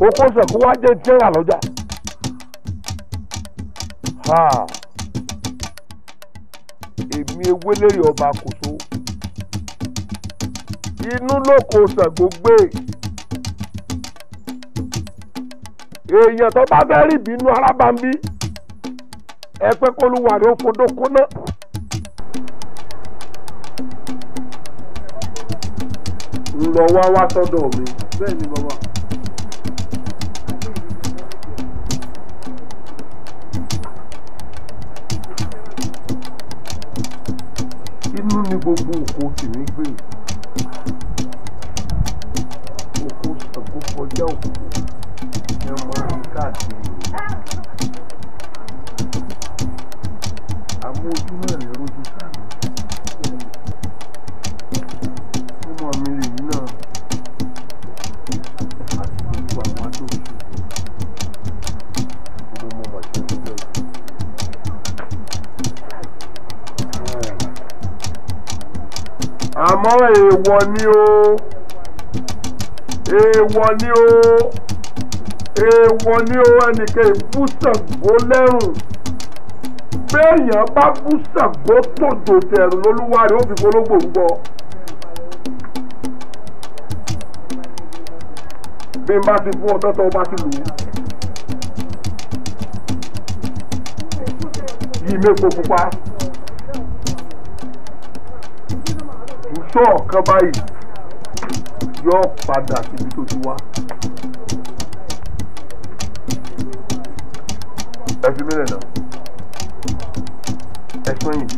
ó kó sẹ̀ kó wá jẹ́ jẹ́rà lọ́jà. èmi ewélérè ọba kòso inú ló kó sẹ̀gbó gbé èèyàn tó bá fẹ́ rí ìbínú arábàmbí ẹ pé kó lu wàrí òfodó kóná. ńlọ wá wá sọ́dọ̀ mi. bẹ́ẹ̀ ni bàbá. ní gbogbo oko tèmi gbé oko ṣàkóso ọjà òkùnkùn. èèwọ̀ ni o èèwọ̀ ni o èèwọ̀ ni o ẹnìkan ìbúsàgbó lẹ́rùn béèyàn bá búsàgbó tòjò tẹ̀rù lolúwarí ó fi gbólógbò gbọ́. bí n bá ti fún ọtọ́ tó bá ti lù ú. yìí mẹ́kọ̀ọ́ pupa. tó ọ̀kan báyìí yóò padà síbi tó ti wá. ẹ fi mílẹ̀ náà ẹ sọ́yìn.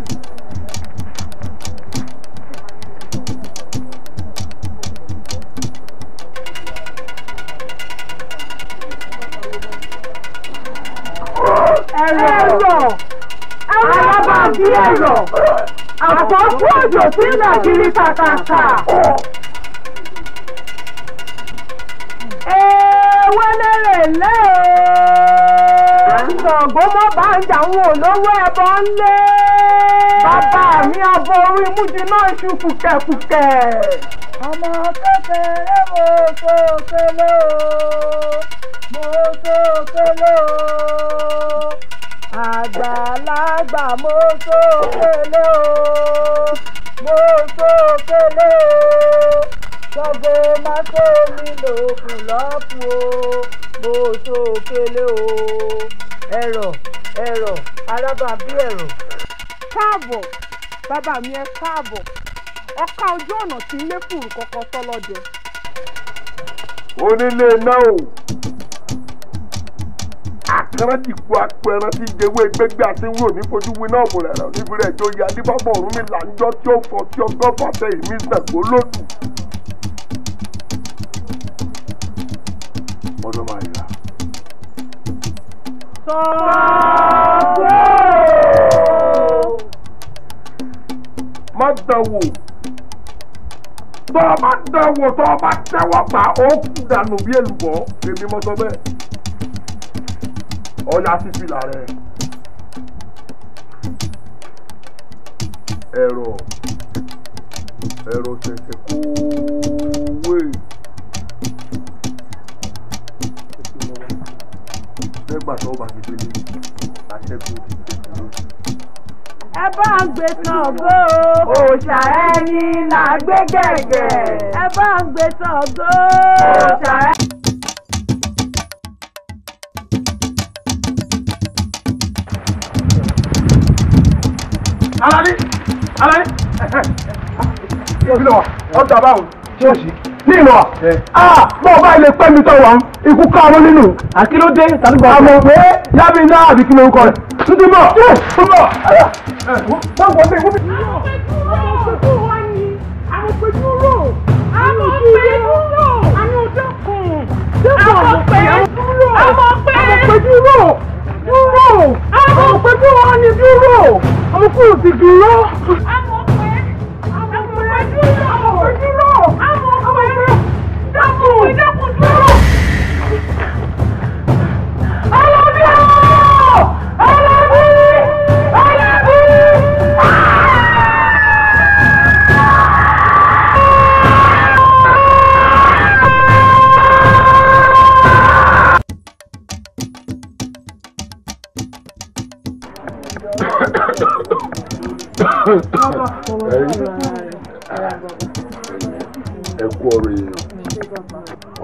ẹ̀rọ ẹ̀rọ alábàbí ẹ̀rọ àkọ́kú òjò tí ń nà kiri kàkàkà. ewé lérè lé o. ṣàngó mọ́ bá ń jà àwọn olówó ẹbọ ńlé. bàbá mi abọ orí mújì náà ṣu kùkẹ̀kùkẹ̀. ọmọ kékeré mo tó kélé o mo tó kélé o àgbàlagbà mo sókèlè o mo sókèlè o ṣọgbó mọ́tò mi lòkùn lọ́kùn o mo sókèlè o ẹ̀rọ ẹ̀rọ arábàbí ẹ̀rọ. káàbọ̀ bàbá mi ẹ káàbọ̀ ọ̀ka ojú ọ̀nà tí ń lé fùrù kọ̀ọ̀kan tọ́lọ́dẹ. onílé náà àkàrà dìgbò apẹran tí jẹwé gbẹgbẹ àti wúrò ní fojú winá ọ̀mùrẹ̀rẹ̀ níbi rẹ̀ tó yẹ adébábọ̀ ọ̀run mi là ń jọ́ tí ó kọ tí ọgọ́ fàtẹ ìmí sẹ̀kó lódù. ọdún máa yà. sọ́ọ́ọ́ má dánwò tọ́ ọ dánwò tọ́ ọ tẹ́wọ́ gbà ó kú dànù bí èlùbọ́ èmi mọ́ sọ bẹ́ẹ̀ ọ̀yà fífi làárẹ̀ ẹ̀rọ ẹ̀rọ ṣẹ̀ṣẹ̀ kówé nígbà tó bá ti délé àṣẹ́gun ti délé. ẹ bá ń gbé tán ògo òòṣà ẹni là gbé gẹ̀gẹ̀. ẹ bá ń gbé tán ògo òòṣà ẹni. alani alani ìlọ ọjà báwo ṣọ́ọ̀ṣì ní ìlọ wa. bọ́ọ̀ bá ilé pẹ́ mi tọ̀wọ̀ ikú káàmọ́ nínú. àkílódé tàbí bàbá. àmọ̀ pé yábí náà àbí kí ló ń kọ́ rẹ̀. tuntun bọ̀ tuntun bọ̀. báwo ṣe wọ́n fi. àwọn pẹ̀lú wọn ni àwọn pẹ̀lú rò àwọn pẹ̀lú rò àwọn ọ̀dọ́kùn àwọn pẹ̀lú rò àwọn pẹ̀lú rò pé kí wọ́n ní dúró ọmọkùnrin ti dúró. ẹ kú ọ̀rọ̀ èèyàn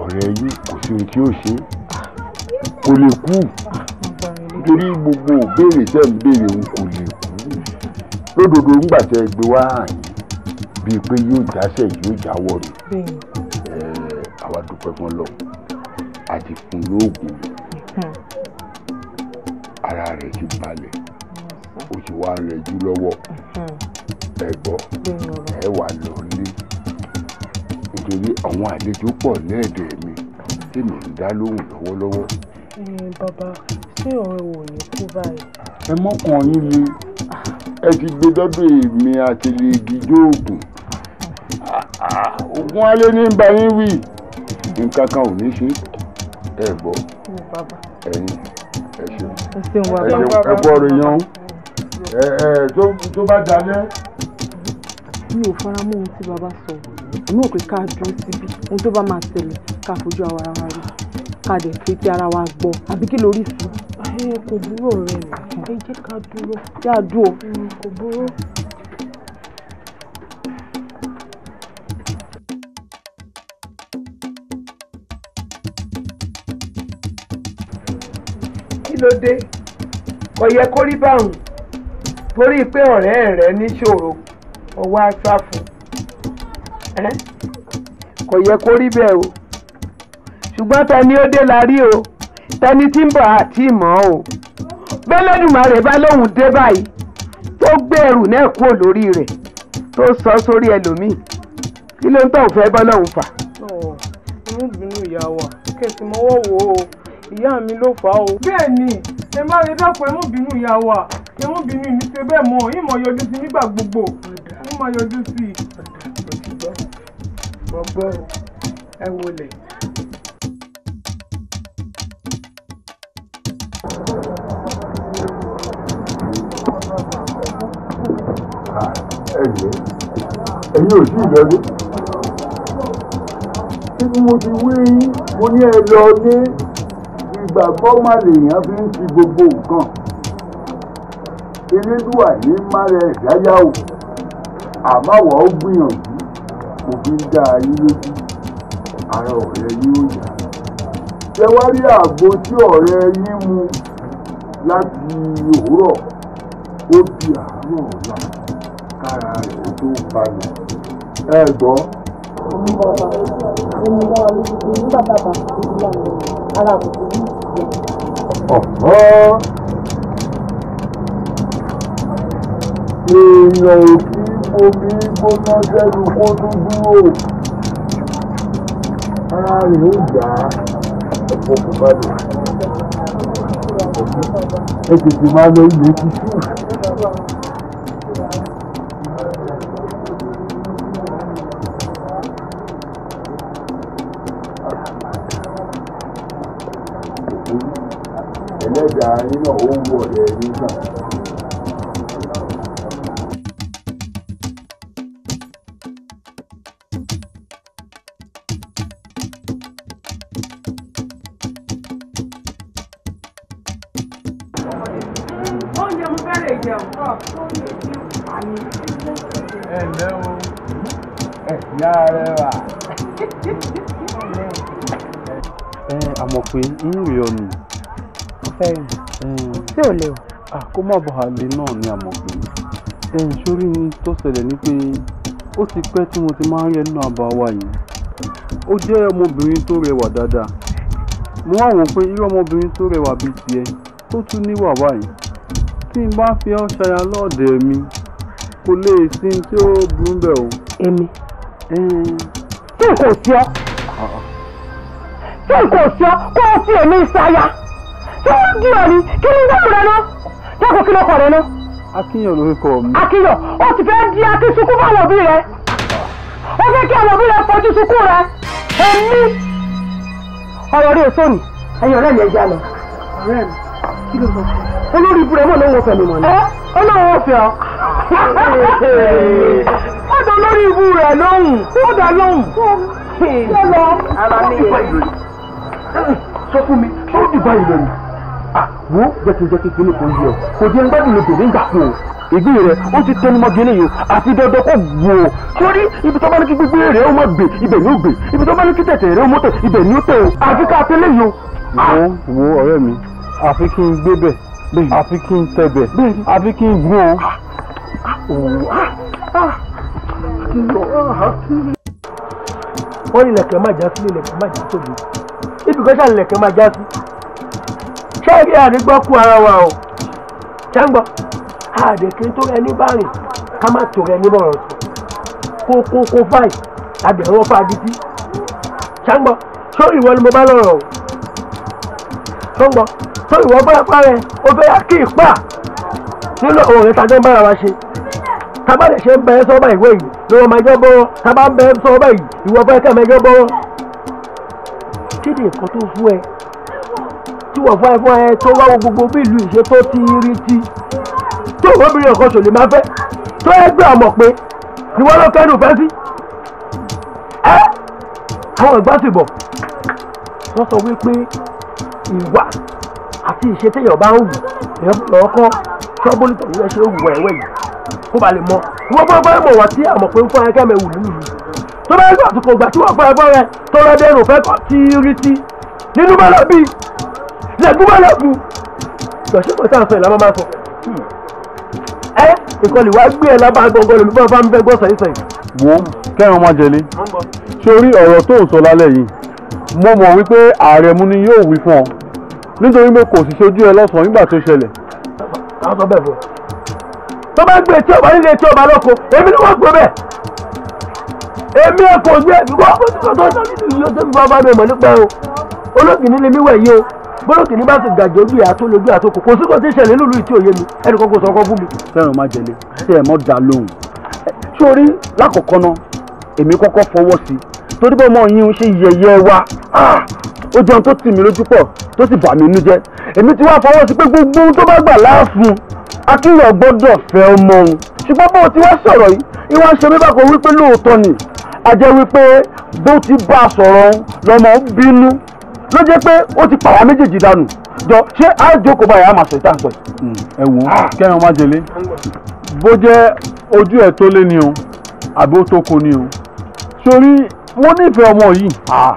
ọ̀rẹ́ yìí kò sí ohun tí ó ṣe kò lè kú nítorí gbogbo òbéèrè tẹ́ ń béèrè òun kò lè kú lódodo ńgbà tẹ́ gbé wá àyè bíi pé yóò jáṣẹ̀ yóò jáwọ́ rẹ̀ àwa dúpẹ́ fún lọ àti fún lóògùn hmm. ara rẹ̀ ti balẹ̀ o sì wá rẹjú lọ́wọ́ ẹ gbọ́ ẹ wà lọ́lé nítorí àwọn àlejò pọ̀ lẹ́ẹ̀dẹ̀ mi tí mi ń dá lóhùn lọ́wọ́lọ́wọ́. bàbá ṣé ọ̀rẹ́ wò ní kú báyìí. ẹ mọ́kàn yín ni ẹ ti gbé dọ́dọ̀ èmi àti lè gijó oògùn alẹ́ ní bá yín wí nǹkan kan ò ní ṣe ẹ gbọ́ ẹ̀yin ẹ ṣeun ẹ ṣeun ẹ bọ́ ọ̀rọ̀ tó bá dalẹ̀. mi ò fara mọ́ ohun tí bàbá sọ àmọ́ òpè ká dúró síbi ohun tó bá máa tẹ̀lé ká fojú ara wa rí ká dẹ̀ fi ti ara wa gbọ́ àbí kí lórí sùn. ẹ kò búrò rẹ ẹ jẹ́ ká dúró. yá a dúró. Mm, kò búrò. kí ló dé kò yẹ kó rí báwọn torí pé ọ̀rẹ́ rẹ níṣòro ọwọ́ aṣáfù kò yẹ kó rí bẹ́ẹ̀ o ṣùgbọ́n tani ó dé la rí o tani tí ń bọ̀ àti mọ́ o bẹ́lẹ́dùmarè bá lóun dé báyìí tó gbé ẹrù náà kúrò lórí rẹ̀ tó sọ sórí ẹlòmíì kí ló ń tọ̀ fẹ́ bọ́ lọ́hùn fà. inú bínú ìyá wa kẹsì mọ́wọ́ wo ìyá mi ló fà á o. bẹ́ẹ̀ ni ẹ má rí dápẹ́ inú bínú ìyá wa ẹ̀wọ̀n bí mi ní ṣe bẹ́ẹ̀ mọ́ yín mọ̀ yọjú sí nígbà gbogbo yín mọ̀ yọjú sí. mo gbọ́ ẹ wọlé. ẹ̀yẹ́ ẹ̀yin ò sí ìlọlé tí mo ti wí mo ní ẹ lọ ní ìgbàgbọ́ má lèèyàn fi ń ti gbogbo nǹkan elédùà ní mára ẹ̀dá yá o àmàwọ̀ ó gbìyànjú òfin dá ayé lójú ara ọ̀rẹ́ yóò yá ṣé wá tí ọ̀rẹ́ yín mu láti òwúrọ̀ ó di àárọ̀ ọ̀la kára rẹ̀ ó tó balẹ̀ ẹ gbọ́. ọ̀hún. èèyàn ò kí omi gbóná sẹ́nu kó tó dúró ara rẹ̀ ó gbà á ẹ̀fọ́ kò bá lò ẹ tètè máa lọ ilé títí. ẹlẹ́dàá nínú owó ọ̀rẹ́ nígbà. ṣé ò lè wà. Ah, kó má bàa lè náà ni àmọ́ pé ẹ̀yìn sórí mi tó ṣẹlẹ̀ ni pé ó ti pẹ́ tí mo ti máa ń rí ẹnu àbá wa yìí ó jẹ́ ọmọbìnrin tó rẹwà dáadáa mo wá wò pé irú ọmọbìnrin tó rẹwà bíi tiẹ̀ tó tún ní níwà báyìí tí n bá fi ọ́ ṣaya lọ́ọ̀dẹ̀ mi kò lè sí tí ó burú bẹ́ẹ̀ o. èmi tí n kò sí ọ tí ah, ah. n kò sí ọ kó o fi èmi ṣaya. ṣé wọ́n bí ọ ni kí ni dáhùn rẹ náà dákun kí lọkọ rẹ náà. akínyàn lórúkọ mi. akínyàn ó ti fẹ́ di akínsukún fún àwọn òbí rẹ o fẹ́ kí àwọn òbí rẹ fojú sunkún rẹ èmi ọ̀rọ̀ rẹ èso ni ẹ̀yin ọ̀rẹ́ mi ẹja lọ. ọ̀rẹ́ mi kí ló sọ fún mi. olórí ibùdó mọ̀ ló ń wọ fẹ́ mi mọ̀ ni. ẹ ó náà wọ́n fẹ́ ọ ọ̀dọ̀ lórí ibu rẹ̀ lóhùn ọ̀dọ̀ lóhùn. ṣé lọ. ara mi yẹ. sọ fún mi ṣé ó dìbò ìlú ni wo jẹ́kíjẹ́kí kí ni kò yẹ kò jẹ́ ń gbádùn lóde nígbà kan o ìgbín rẹ ó ti tẹnumọ́ gẹlẹ yìí àti dandan kò wò ó sórí ibi tó bá ní kí gbígbé rẹ ó má gbè ibẹ̀ ni ó gbè ibi tó bá ní kí tẹ̀tẹ̀ rẹ ó mọ́tò ibẹ̀ ni ó tẹ̀ o àfi ká tẹ́lẹ̀ yìí o. wo ah! wo ọ̀rẹ́ mi àfi kí n gbé bẹ̀ àfi kí n tẹ̀ bẹ̀ àfi kí n gún o. Ah! Ah! wọ́n ní ilẹ̀kẹ̀ má já sí ilẹ̀kẹ̀ má já tóbi ibi kan ṣàlẹ̀ ilẹ̀kẹ̀ má já sí ṣẹ́ẹ̀rí àrígbọ́kú ara wa o ṣàǹgbọ́ àdèkín tó rẹ ní bárìn ká má tó rẹ ní bọ̀rọ̀ tó kó kó fáì tàbí ẹ̀rọ fàdídí ṣàǹgbọ́ ṣó ìwọ ni mo bá lọ̀rọ̀ o ṣàǹgbọ́ ṣó ìwọ bọ́lápá rẹ o fẹ́ yá kí ìpá nínú ọ̀rọ̀ rẹ tàbí bára wa ṣe tábà lè ṣe ń bẹ sọ́ọ́bà ìwé yìí lówó máa jẹ́ bọ́wọ́ tábà ń bẹ sọ́ọ́bà yìí ìwọ fẹ́ kẹ́ máa jẹ́ bọ́wọ́ kéde nǹkan tó fún ẹ tí wọ́n fún ẹ fún ẹ tó wáwo gbogbo bí ìlú ìṣe tó ti rí ti tó obìnrin ọ̀kan ṣòlè máa fẹ́ tó yẹ gbé pé ni wọ́n lọ kẹ́nu fẹ́ sí ẹ́ àwọn ìgbà sì bọ̀ wọ́n sọ wípé ìwà àti ìṣe téèyàn bá ń wù èèyàn lọ́ọ́ kọ́ ṣọ́bùlì tó yẹ ṣe wù ẹ̀wẹ̀ yìí kó ba lè mọ wọ́n bá bá mọ̀ wá sí àmọ̀ pé ń fún ẹgẹ́ mi nínú mi tó bá yẹ kó àtúkò gbà tí wọ́n fún ẹgbẹ́ rẹ tó lọ dé rò fẹ́ tí rí sí nínú bá lọ bíi lẹ́gùn bá lẹ́gùn lọ́sẹ̀ kan tá à ń sọ ìlànà máa hmm. sọ ẹ ìkọlù wa gbé ẹ lábàá gbọngàn lómi bá bá ń bẹ gbọ́ sẹ́yìn sẹ́yìn. wo kẹ́hìn ọmọ jẹlé sórí ọ̀rọ̀ tó ń sọ lálẹ́ yìí mo mọ̀ wípé ààrẹ mú ni yóò wí fún ọ nítorí pé kò sì ṣojú ẹ lọ́sàn-án nígbà tó ṣẹlẹ̀. tó bá gbé etí ọba nílé etí ọba lọ́kọ èmi ni wọ́n gbé bẹ́ẹ̀ èmi ẹ kò gbé ẹ bí wọ́n kó tó tó tó tó tó tó tó bá bá mi mọ̀ nípa ẹ o olóògì nílé mi wẹ̀ yìí o bọ́lá kìíní bá ti gàjọ́ bí àtólójú àtòkò kò sí kò tí ń ṣẹlẹ̀ nílùú ìtí òye mi ẹnì kan kò sọ ọkọ fún mi. fẹ́ràn má jẹlé tí ẹ̀ mọ́ da lóhùn. sórí lákọ̀ọ́kọ́ ná èmi kọ́kọ́ fọwọ́ sí i torí bọ́ ọmọ yín ṣe yẹ̀yẹ́ wa ah! ó jẹun tó tì mí lójú pọ̀ tó sì bà mí inú jẹ́ èmi ti wá fọwọ́ sí pé gbogbo tó bá gbà láàfún akínyàn gbọ́dọ̀ fẹ́ ọmọ òun ṣùgbọ́n bó ti wá sọ̀rọ̀ yìí ìwọ́n ṣe mí bákan wípé lóòótọ́ ni a jẹ́ wípé bó ti bá a sọ̀rọ̀ lọ́mọ bínú ló jẹ́ pé ó ti pàwá méjèèjì dànù jọ ṣé á jókòó báyìí á máa sọ ìta ń sọ yìí. Hmm, ẹ wò ó ah. kẹ́hìn ọmọ jẹlé bó jẹ́ ojú ẹ̀ tó lé ni o àbí ó tó ko ni o sórí mo nífẹ̀ẹ́ ọmọ yìí ah.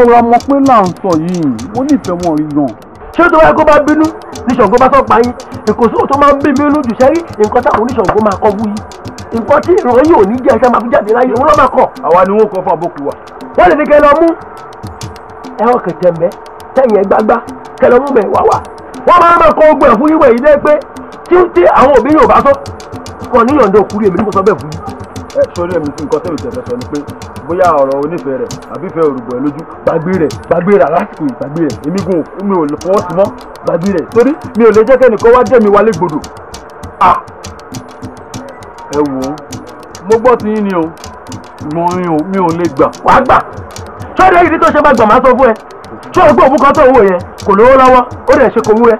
ọ̀rọ̀ ọmọ pé là ń sọ yìí mo nífẹ̀ẹ́ ọmọ yìí gan. ṣé tó wáyé kó bá bínú níṣọ̀gbọ́n bá sọ̀pá yín èkó sóò tó máa ń bíbí lójú sẹ́rí nǹkan táwọn oníṣọ̀gbọ́n máa kọ́ wú yìí nǹkan tí ìròyìn ò ní jẹ́ ẹ̀ṣẹ́ máa fi jáde láyé òun ló máa kọ̀. àwa ni wọn kọ fún àbókù wa. wọ́n lè ní kẹ́ lọ mú ẹ̀rọ kẹ̀tẹ̀ mbẹ́ tẹ̀yìn ẹgbàgbá kẹlẹ́mú bẹ̀ wá wá wọ́n máa máa kọ́ ogun ẹ̀fún yíwẹ̀ yìí dé pé tí tí àwọn òbí yóò bá sọ wọn níyànjú òkú rí èmi ní kò sọ bẹ́ẹ̀ fún yín. ẹ sórí èmi tí nǹkan tẹ̀lé tẹ̀lé sọ ni pé bóyá ọ̀rọ̀ onífẹ̀ẹ́ rẹ̀ àbí ìfẹ́ òrùbọ̀ ẹ̀ lójú gbàgbé rẹ̀ gbàgbé rẹ̀ lásìkò ìgbàgbé rẹ̀ èmi gùn mi ò fọwọ́ sí mọ́ gbàgbé rẹ̀ torí mi ò lè jẹ́ kẹ́nìkan wá jẹ́ mi wálé gbòdò. ẹ wò ó mo gbọ́ ti yín ni o mo rin o mi ò lè gbà. wàá gbà sọ́dọ̀ èyí tó ṣe máa gbọ̀n máa sọ fún ẹ ṣé o gbọ́ òbúkan tó ń wò yẹn kò lówó lọ́wọ́ ó dẹ̀ ṣe kò wú ẹ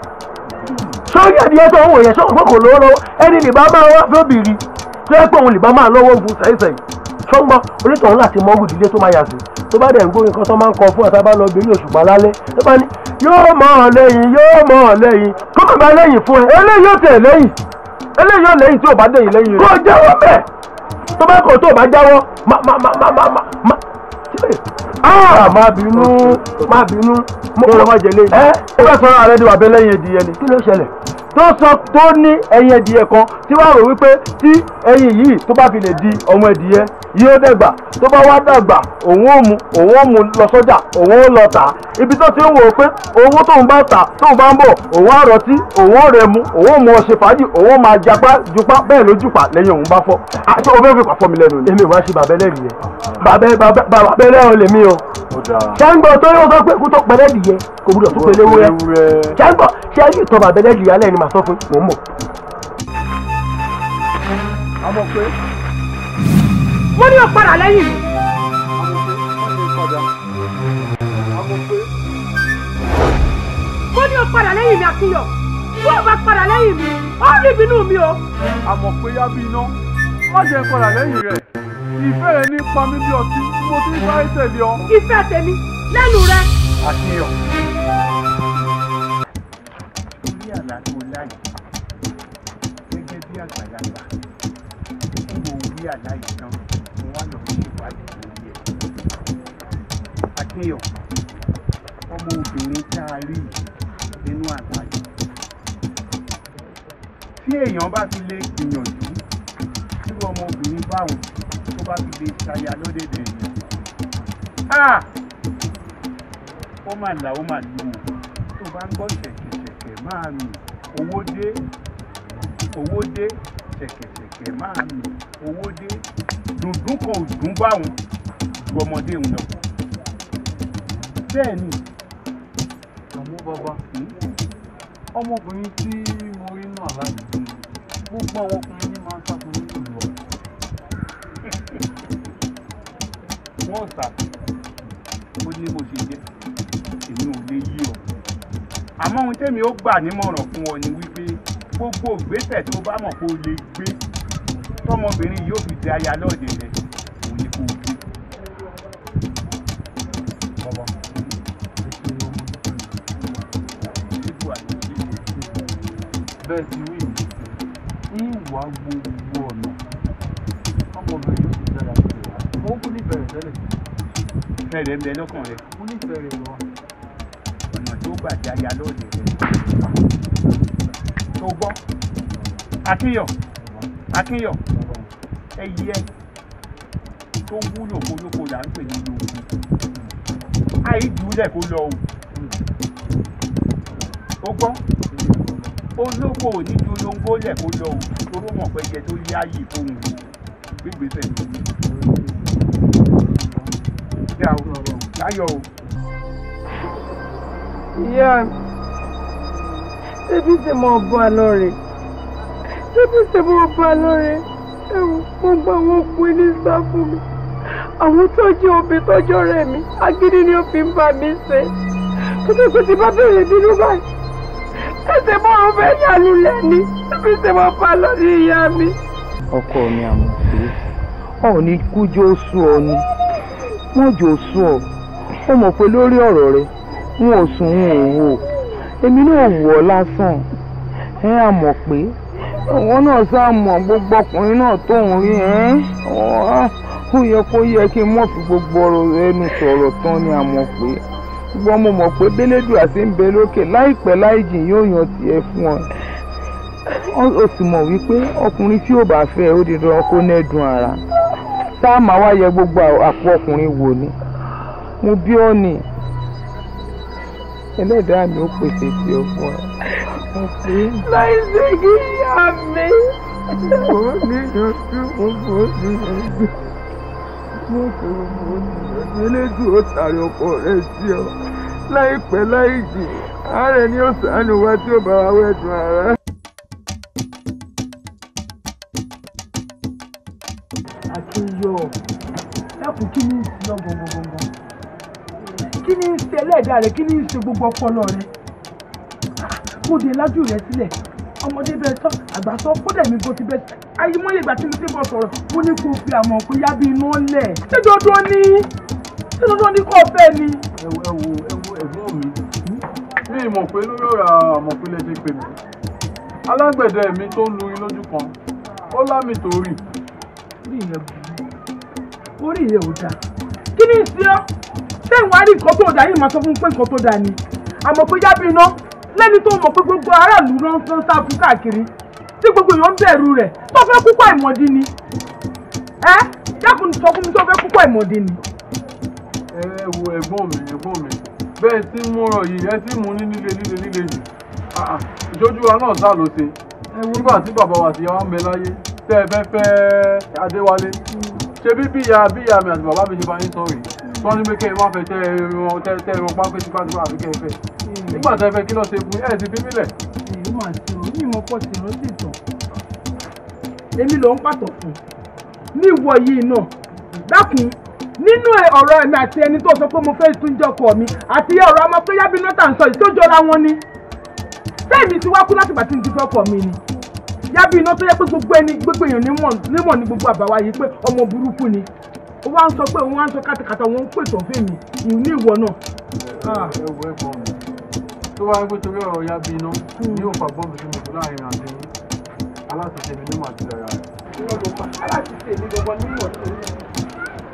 ṣé ó yẹ díẹ̀ tó ń wò yẹn ṣé o gbọ́ kò lówó lọ́wọ́ ẹni lè bá máa wá fẹ́ bìrì tó ẹ pé òun lè bá máa lọ́wọ́ ògùn sẹ́yìnsẹ́yìn ṣọ́gbọ́n onítọ̀hún láti mọ ògùn dídé tó máa yà sí tó bá dẹ̀ ń gbóyin kan tó máa ń kọ fún àtàbá lọ bèrè òṣùpá lálẹ́ tó bá ní yóò mọ̀ ọ́ lẹ́yìn yóò mọ̀ ọ́ lẹ́yìn kó má bá lẹ́yìn fún ẹ eléyìí ò tẹ̀ lẹ́yìn eléyìí ò lẹ́yìn tí ò bá dẹ̀yìn lẹ́yìn rẹ̀ kó jáwọ́ bẹ́ẹ̀ tó bá kọ̀ tó bá jáwọ́ má má má má má má Ah! ma binu, ma binu, mo kọ́ ma jẹ lẹ́yìn. Eh, ẹ ó bẹ sọ ara rẹ di wàbẹ lẹ́yìn ẹdìyẹ ni kí ló ṣẹlẹ̀ tó sọ tó ní ẹyin ẹdìyẹ kan tí wàá rò wípé tí ẹyin yìí tó bá fi lè di ọmọ ẹdìyẹ yóò dẹ̀gbà tó bá wá dàgbà òun ò mú òun ò mú lọ sọ́jà òun ò lọ tà á ibi tó ti ń wò ó pé owó tóun bá tà tóun bá ń bọ̀ òun á rọtí òun ò rẹ̀ mu òun ò mú ọṣẹ fàájì òun ò máa japa jupa bẹ́ẹ̀ lójú pa lẹ́yìn òun bá fọ́ àti òun fẹ́ẹ́ fi pàfọ́ mi lẹ́nu ni. èmi wá sí bàbẹ́lẹ́ rèé bàbẹ́lẹ́ ọ̀ lèmi o ṣàǹgbọ̀ tó yóò sọ pé kó tó pẹ̀lẹ́ dìyẹ kò gbúdọ̀ tó pẹ̀lẹ́ wúrẹ́ ṣàǹgbọ̀ ṣe ayé ìtọ́ bàbẹ́lẹ́ dìyẹ máa sọ fún mò ń bọ̀. àmọ́ pé. mo ní o padà lẹ́yìn mi. mo ní o padà lẹ́yìn mi Akínyọ̀ tó o bá padà lẹ́yìn mi ó rí ìbínú mi o. àmọ́ pé yá bí iná má jẹ́ padà lẹ́yìn rẹ̀ ìfẹ́ rẹ ní pa mí bí ọtí mo ti ń sáré tẹ̀lé ọ. ìfẹ́ tèmi lẹ́nu rẹ. Akínyọ̀. lórí àlá yìí tán mo wá lọ sí ìwádìí lórí ẹ̀. Adéyọ̀ ọmọ obìnrin tá a rí nínú àlá yìí. Tí èèyàn bá fi lè gbìyànjú nínú ọmọ obìnrin báwọn tó bá fi lè ṣaya lódèdè èèyàn. Ó mà là ó mà lù ú tó bá ń gbọ́ ìṣẹ̀kẹ̀ṣẹ̀kẹ̀ máa mì owó dé owó dé ṣẹ̀kẹ̀ṣẹ̀ ẹ̀ máa lò owó dé dùndún kan ò dùn báwọn ju ọmọdé òun lọ. bẹ́ẹ̀ ni àwọn bàbá ọmọkùnrin tí mo rí náà láti gbogbo àwọn ọkùnrin ní máa ń sàkóso ìlú ọ̀. wọ́n sà ó ní mo ṣe jẹ́ èmi ò lè yí ọ àmọ́ ohun tẹ́mi ó gbà nímọ̀ràn fún ọ ni wípé gbogbo ìgbésẹ̀ tó bá mọ̀ kó o lè gbé tọmọbìnrin yóò fi di aya lọ́ọ̀dẹ̀ rẹ̀ òun ni kò gbé. bẹ́ẹ̀ ti wí ìwà gbogbo ọ̀nà ọmọbìnrin yóò fi dára sí wa mo kún nífẹ̀ẹ́ rẹ̀ tẹ́lẹ̀. ìfẹ́ rẹ̀ ń bẹ lọ́kàn rẹ̀. mo nífẹ̀ẹ́ rẹ̀ lọ. ọ̀nà tó gbà di aya lọ́ọ̀dẹ̀ rẹ̀. tó gbọ́ akíyọ̀ akínyọ ẹyẹ tó wúlò kólókó là ń pè ní lóògùn àì jùlẹ̀ kó lọ o ó gbọ́ olóko ò ju lóńgó lẹ̀ kó lọ o toró mọ̀ pé jẹ tó yí ààyè fóun o láyọ̀ o. ìyá mi ṣé bí ṣe mọ ọgbọ́n àlọ́ ṣébíṣẹ́ mo bá lọ́rẹ́ ẹ̀wọ̀n mo gba àwọn ọkùnrin ní sáfù mi àwọn tọ́jú obì tọ́jú rẹ̀ mi agídí ni ó fi ń bá mi ṣe kótópó ti bá bèrè bínú báyìí ẹsẹ̀ bọ́ọ̀rù fẹ́ yàlúlẹ̀ ni ṣébíṣẹ́ mo bá lọ́rẹ́ ìyá mi. ọkọ mi àmọ̀pé ọ̀ọ́ni kújọ oṣù ọ̀ni wọ́n jò sùn ọ́ ó mọ̀ pé lórí ọ̀rọ̀ rẹ̀ wọn ò sùn wọn ò wò èmi náà wọ̀ ọ́ lásán ẹ̀ àmọ̀ pé àwọn náà sáà mọ̀ gbogbo ọkùnrin náà tóun rí ẹ́ ó yẹ kó yẹ kí n mọ̀ fi gbogbo ọ̀rọ̀ ẹnu sọ̀rọ̀ tán ni àmọ́ pé ṣùgbọ́n mo mọ̀ pé délédùn àti ń bẹ lókè láìpẹ́ láìjìn yóò yan tiẹ̀ fún ọ ó sì mọ̀ wípé ọkùnrin tí ò bá fẹ́ ó di dandan kó nẹ́dùn ara táà máa yẹ gbogbo àpò ọkùnrin wò ni mo bí ọ́ ni ẹlẹ́dàá mi ó pèsè tí o fún ọ. láìsí kí yá mi. mo ní ojú mo bò ó sí ojú mo bò ó bò ó sí ojú eléjú ó sàrè ọkọ rẹ sí ọ láìpẹ́ láì jìn ààrẹ ni ó ṣàánú wa tí ó bá wa wẹ̀dùn ara. àti yọ ẹ kù kí ni ìsinmi gbọ̀ngbọ̀ngbọ̀ ẹlẹ́ẹ̀dá rẹ kí ni ṣe gbogbo ọpọlọ rẹ mo dé lájú rẹ sílẹ̀ ọmọdé bẹ́ẹ̀ tọ́ àgbà sọ kódà mi gbọ́ ti bẹ́ẹ̀ ayémọ́yé ìgbà tí mo ti bọ̀ sọ̀rọ̀ mo ní kó fi àwọn òkú yá bí iná lẹ̀ ṣé dandan ni ṣé dandan ni kò bẹ́ẹ̀ ni. ẹ wo ẹ wo ẹ̀gbọ́n mi ní ìmọ̀ pé lórí ọ̀rọ̀ àmọ̀pínlẹ̀ ti pè mí alágbẹ̀dẹ mi tó ń lu iná lójú kan ó lámì tó orí yẹn orí yẹn ò dáa kí ni ìṣe ọ́ ṣé ìwà rí nǹkan tó dáa yìí máa sọ fún pé nǹkan tó dáa ni àmọ́ pé yábí iná lẹ́ni tó mọ̀ pé gbogbo aráàlú náà ń sá fún káàkiri tí gbogbo èèyàn ń bẹ̀rù rẹ̀ tó fẹ́ kúkú àìmọ̀dí ni ẹ dákun sọ fún mi tó fẹ́ kúkú àìmọ̀dí ni. ẹ wo ẹ̀gbọ́n mi ẹ̀gbọ́n mi bẹ́ẹ̀ tí ń múrọ̀ yìí ẹ tí mú ní líle líle líle yìí ah, ìjọ́jú wa náà sá ló ṣe nígbà tí bàbá wa àtìyá wa ń bẹ láyé tẹ́ ẹ fẹ́ fẹ́ Adéwálé mm. ṣe bí bíyà bíyà mi àti bàbá mi ṣe bá yín sọ rèé wọ́n ní pé kẹ́ ẹ má fẹ́ tẹ́ ẹ wọn tẹ́ tẹ́ ẹ wọn pápẹ́ tí pàṣípà àbí kẹ́ ẹ fẹ́ nígbà tẹ́ ẹ fẹ́ kí náà ṣe fún ẹ ti bí mílẹ̀. èyí mà ti rò ní ìmọ̀ pọ̀ sí lóṣì tán èmi ló ń pàtó fún ní ìwọ yìí náà dákun nínú ọ̀rọ̀ ẹ̀mí àti ẹni tó sọ pé mo fẹ́ tún jẹ́ mi àti ọ̀rọ̀ ọmọ pé yábí nọ́tà ń sọ yìí tó jọra wọn ni sẹ́ẹ̀mì ti wá kú láti bàtí ní ti mi ni yábí iná tó yẹ pé gbogbo ẹni gbogbo èèyàn nímọ̀ ní gbogbo àbáwá yìí pé ọmọ burúkú ni ó wá ń sọ pé òun wá ń sọ kátàkátà òun ń pètò fún mi ìní ìwọ náà. ẹ wọ ẹ̀gbọ́n mi tó wáá ń torí ọ̀rọ̀ ya bí iná ní hmm. òǹfà bọ́ọ̀lù tí mo fi àti yín aláṣẹṣe mi ní màtí dára. aláṣẹṣe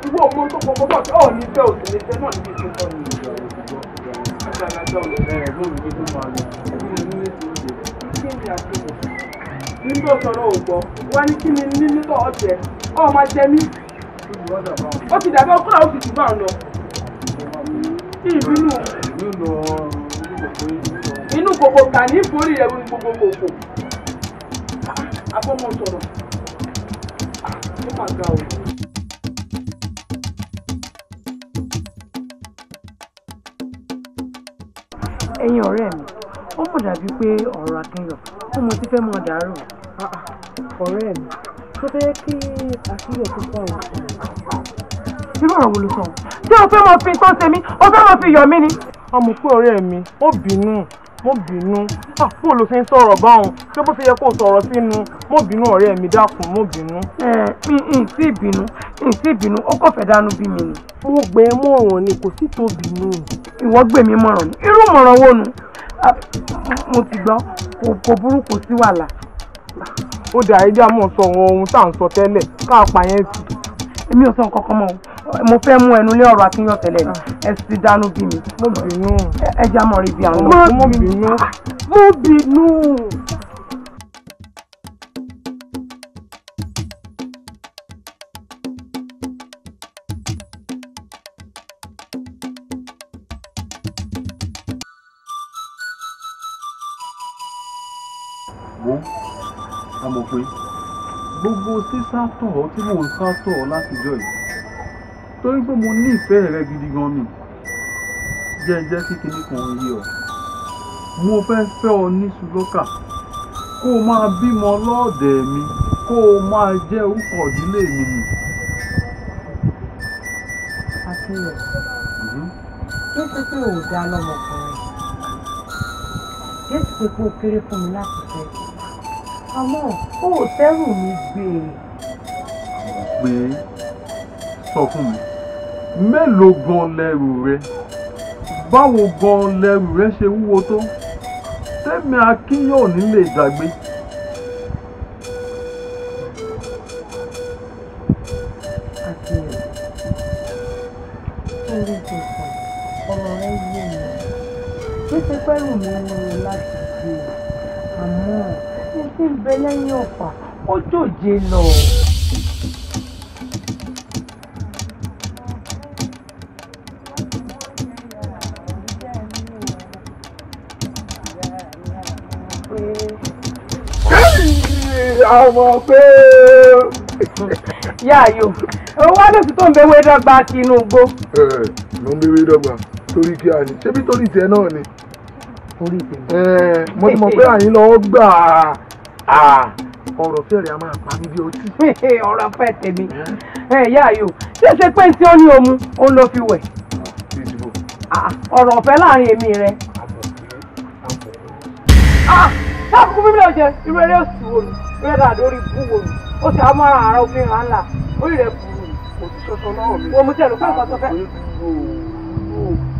ìwọ ọmọ tó kọ gbọ́dọ̀ tó ní bẹ́ẹ̀ òsè ní bẹ́ẹ̀ náà ní ìṣe sọ ní ìjọ nígbà sọ̀rọ̀ ògbọ́ wá ní kí ni nílùú tó ọ̀jẹ̀ ọ̀ máa jẹ mí ó ti dàbí ọkọ àwọn òfìsì bá lọ ìbínú inú kòkò kà ní ìforí rẹ ní gbogbo kòkò abọ́mọ sọ̀rọ̀ ó mà ga o. ẹ̀yin ọ̀rẹ́ mi ó mọ̀ dàbí pé ọ̀rọ̀ akínyàn ó mo ti fẹ́ mọ̀ dàrú ọ̀rẹ́ mi tó fẹ́ kí àṣírí ọ̀tún fún àwọn ọ̀tún. irú ọ̀rọ̀ wo ló sọ ṣé o fẹ́ mọ fi tó ṣe mí o fẹ́ mọ fi yọ̀ mí ni. ọmọ pé ọ̀rẹ́ mi ó bínú mo bínú àpò ló fi ń sọ̀rọ̀ báwọn tí bó ṣe yẹ kó sọ̀rọ̀ sínú mo bínú ọ̀rẹ́ mi dákun mo bínú. ẹ mi n tí bínú n tí bínú ó kò dánú bí mi ni. mo gbẹ e mọ̀ràn ni kò sí tó bínú. ìwọ gbè mí mọ̀ràn ni irú mọ̀ràn wo nu mo ti gbọ́ kò burú sí wàhálà ó dà ẹjẹ́ àmọ́ sọ àwọn ohun tá à ń sọ tẹ́lẹ̀ káàpá yẹn sì. èmi ò sọ nǹkan kan mọ́ mo fẹ́ mú ẹnu lé ọ̀rọ̀ akínyàn tẹ́lẹ̀ ni ah. ẹ sì dánú bí mi. mo bínú. ẹjẹ́ àmọ́ rí bí àwọn. mo bínú. Ah, mo bínú. pé gbogbo sísátọ̀ tí mò ń sátọ̀ látijọ́ yìí torí pé mo nífẹ̀ẹ́ rẹ gidi gan ni jẹ́njẹ́ sí kinní kan yé ọ mo fẹ́ fẹ́ ọ ní sùlọ́kà kó o máa bímọ lọ́ọ̀dẹ̀ mi kó o máa jẹ́ orúkọ ìdílé mi nì. àti rẹ̀ kí ṣe pé ò dá lọ́mọkùnrin kí ṣe pé kó o kéré fún mi láti fẹ́ àmọ́ ó ò tẹ́rù mi gbé e. pé sọ fún mi mélòó gan lẹ́rù rẹ báwo gan lẹ́rù rẹ ṣe wúwo tó tẹ́mi akínyọ̀ọ́nì lè dàgbé. ọ̀rọ̀ rẹ yé mi pípẹ́ pẹ́rù mi ń lò láti tí ń bẹ lẹ́yìn ọ̀pá ó jòjé lọ. àmọ̀ pé. yáàyò owó àdòsí tó ń bẹ wédọ́gba kí inú gbó. ẹ ẹ ló ń bẹ wédọ́gba torí kí a ní ṣébí torí tiẹ̀ náà ni. orí ìpè mọ́. ẹ mo ti mọ̀ pé àyín lọ́wọ́ gbà á ọ̀rọ̀ fẹ́rẹ̀ a máa pa mí bí ojú. ọ̀rọ̀ fẹ́ tèmi ẹ̀ yá yòó ṣéṣe pé tí ó ní omu ó ló fi wẹ̀ ọ̀rọ̀ ọ̀fẹ́ láàrin èmi rẹ̀ sáàpù kún bíbélì ọ̀jẹ̀ irú eré òsì wò ni eré náà lórí ibú wò ni ó ti àmọ́ ara ara òfin hàn là orí rẹ̀ bù ú òtún ṣoṣo náà mi. wọ́n mú tẹ̀lé fún ìkọ́sọ́ fẹ́.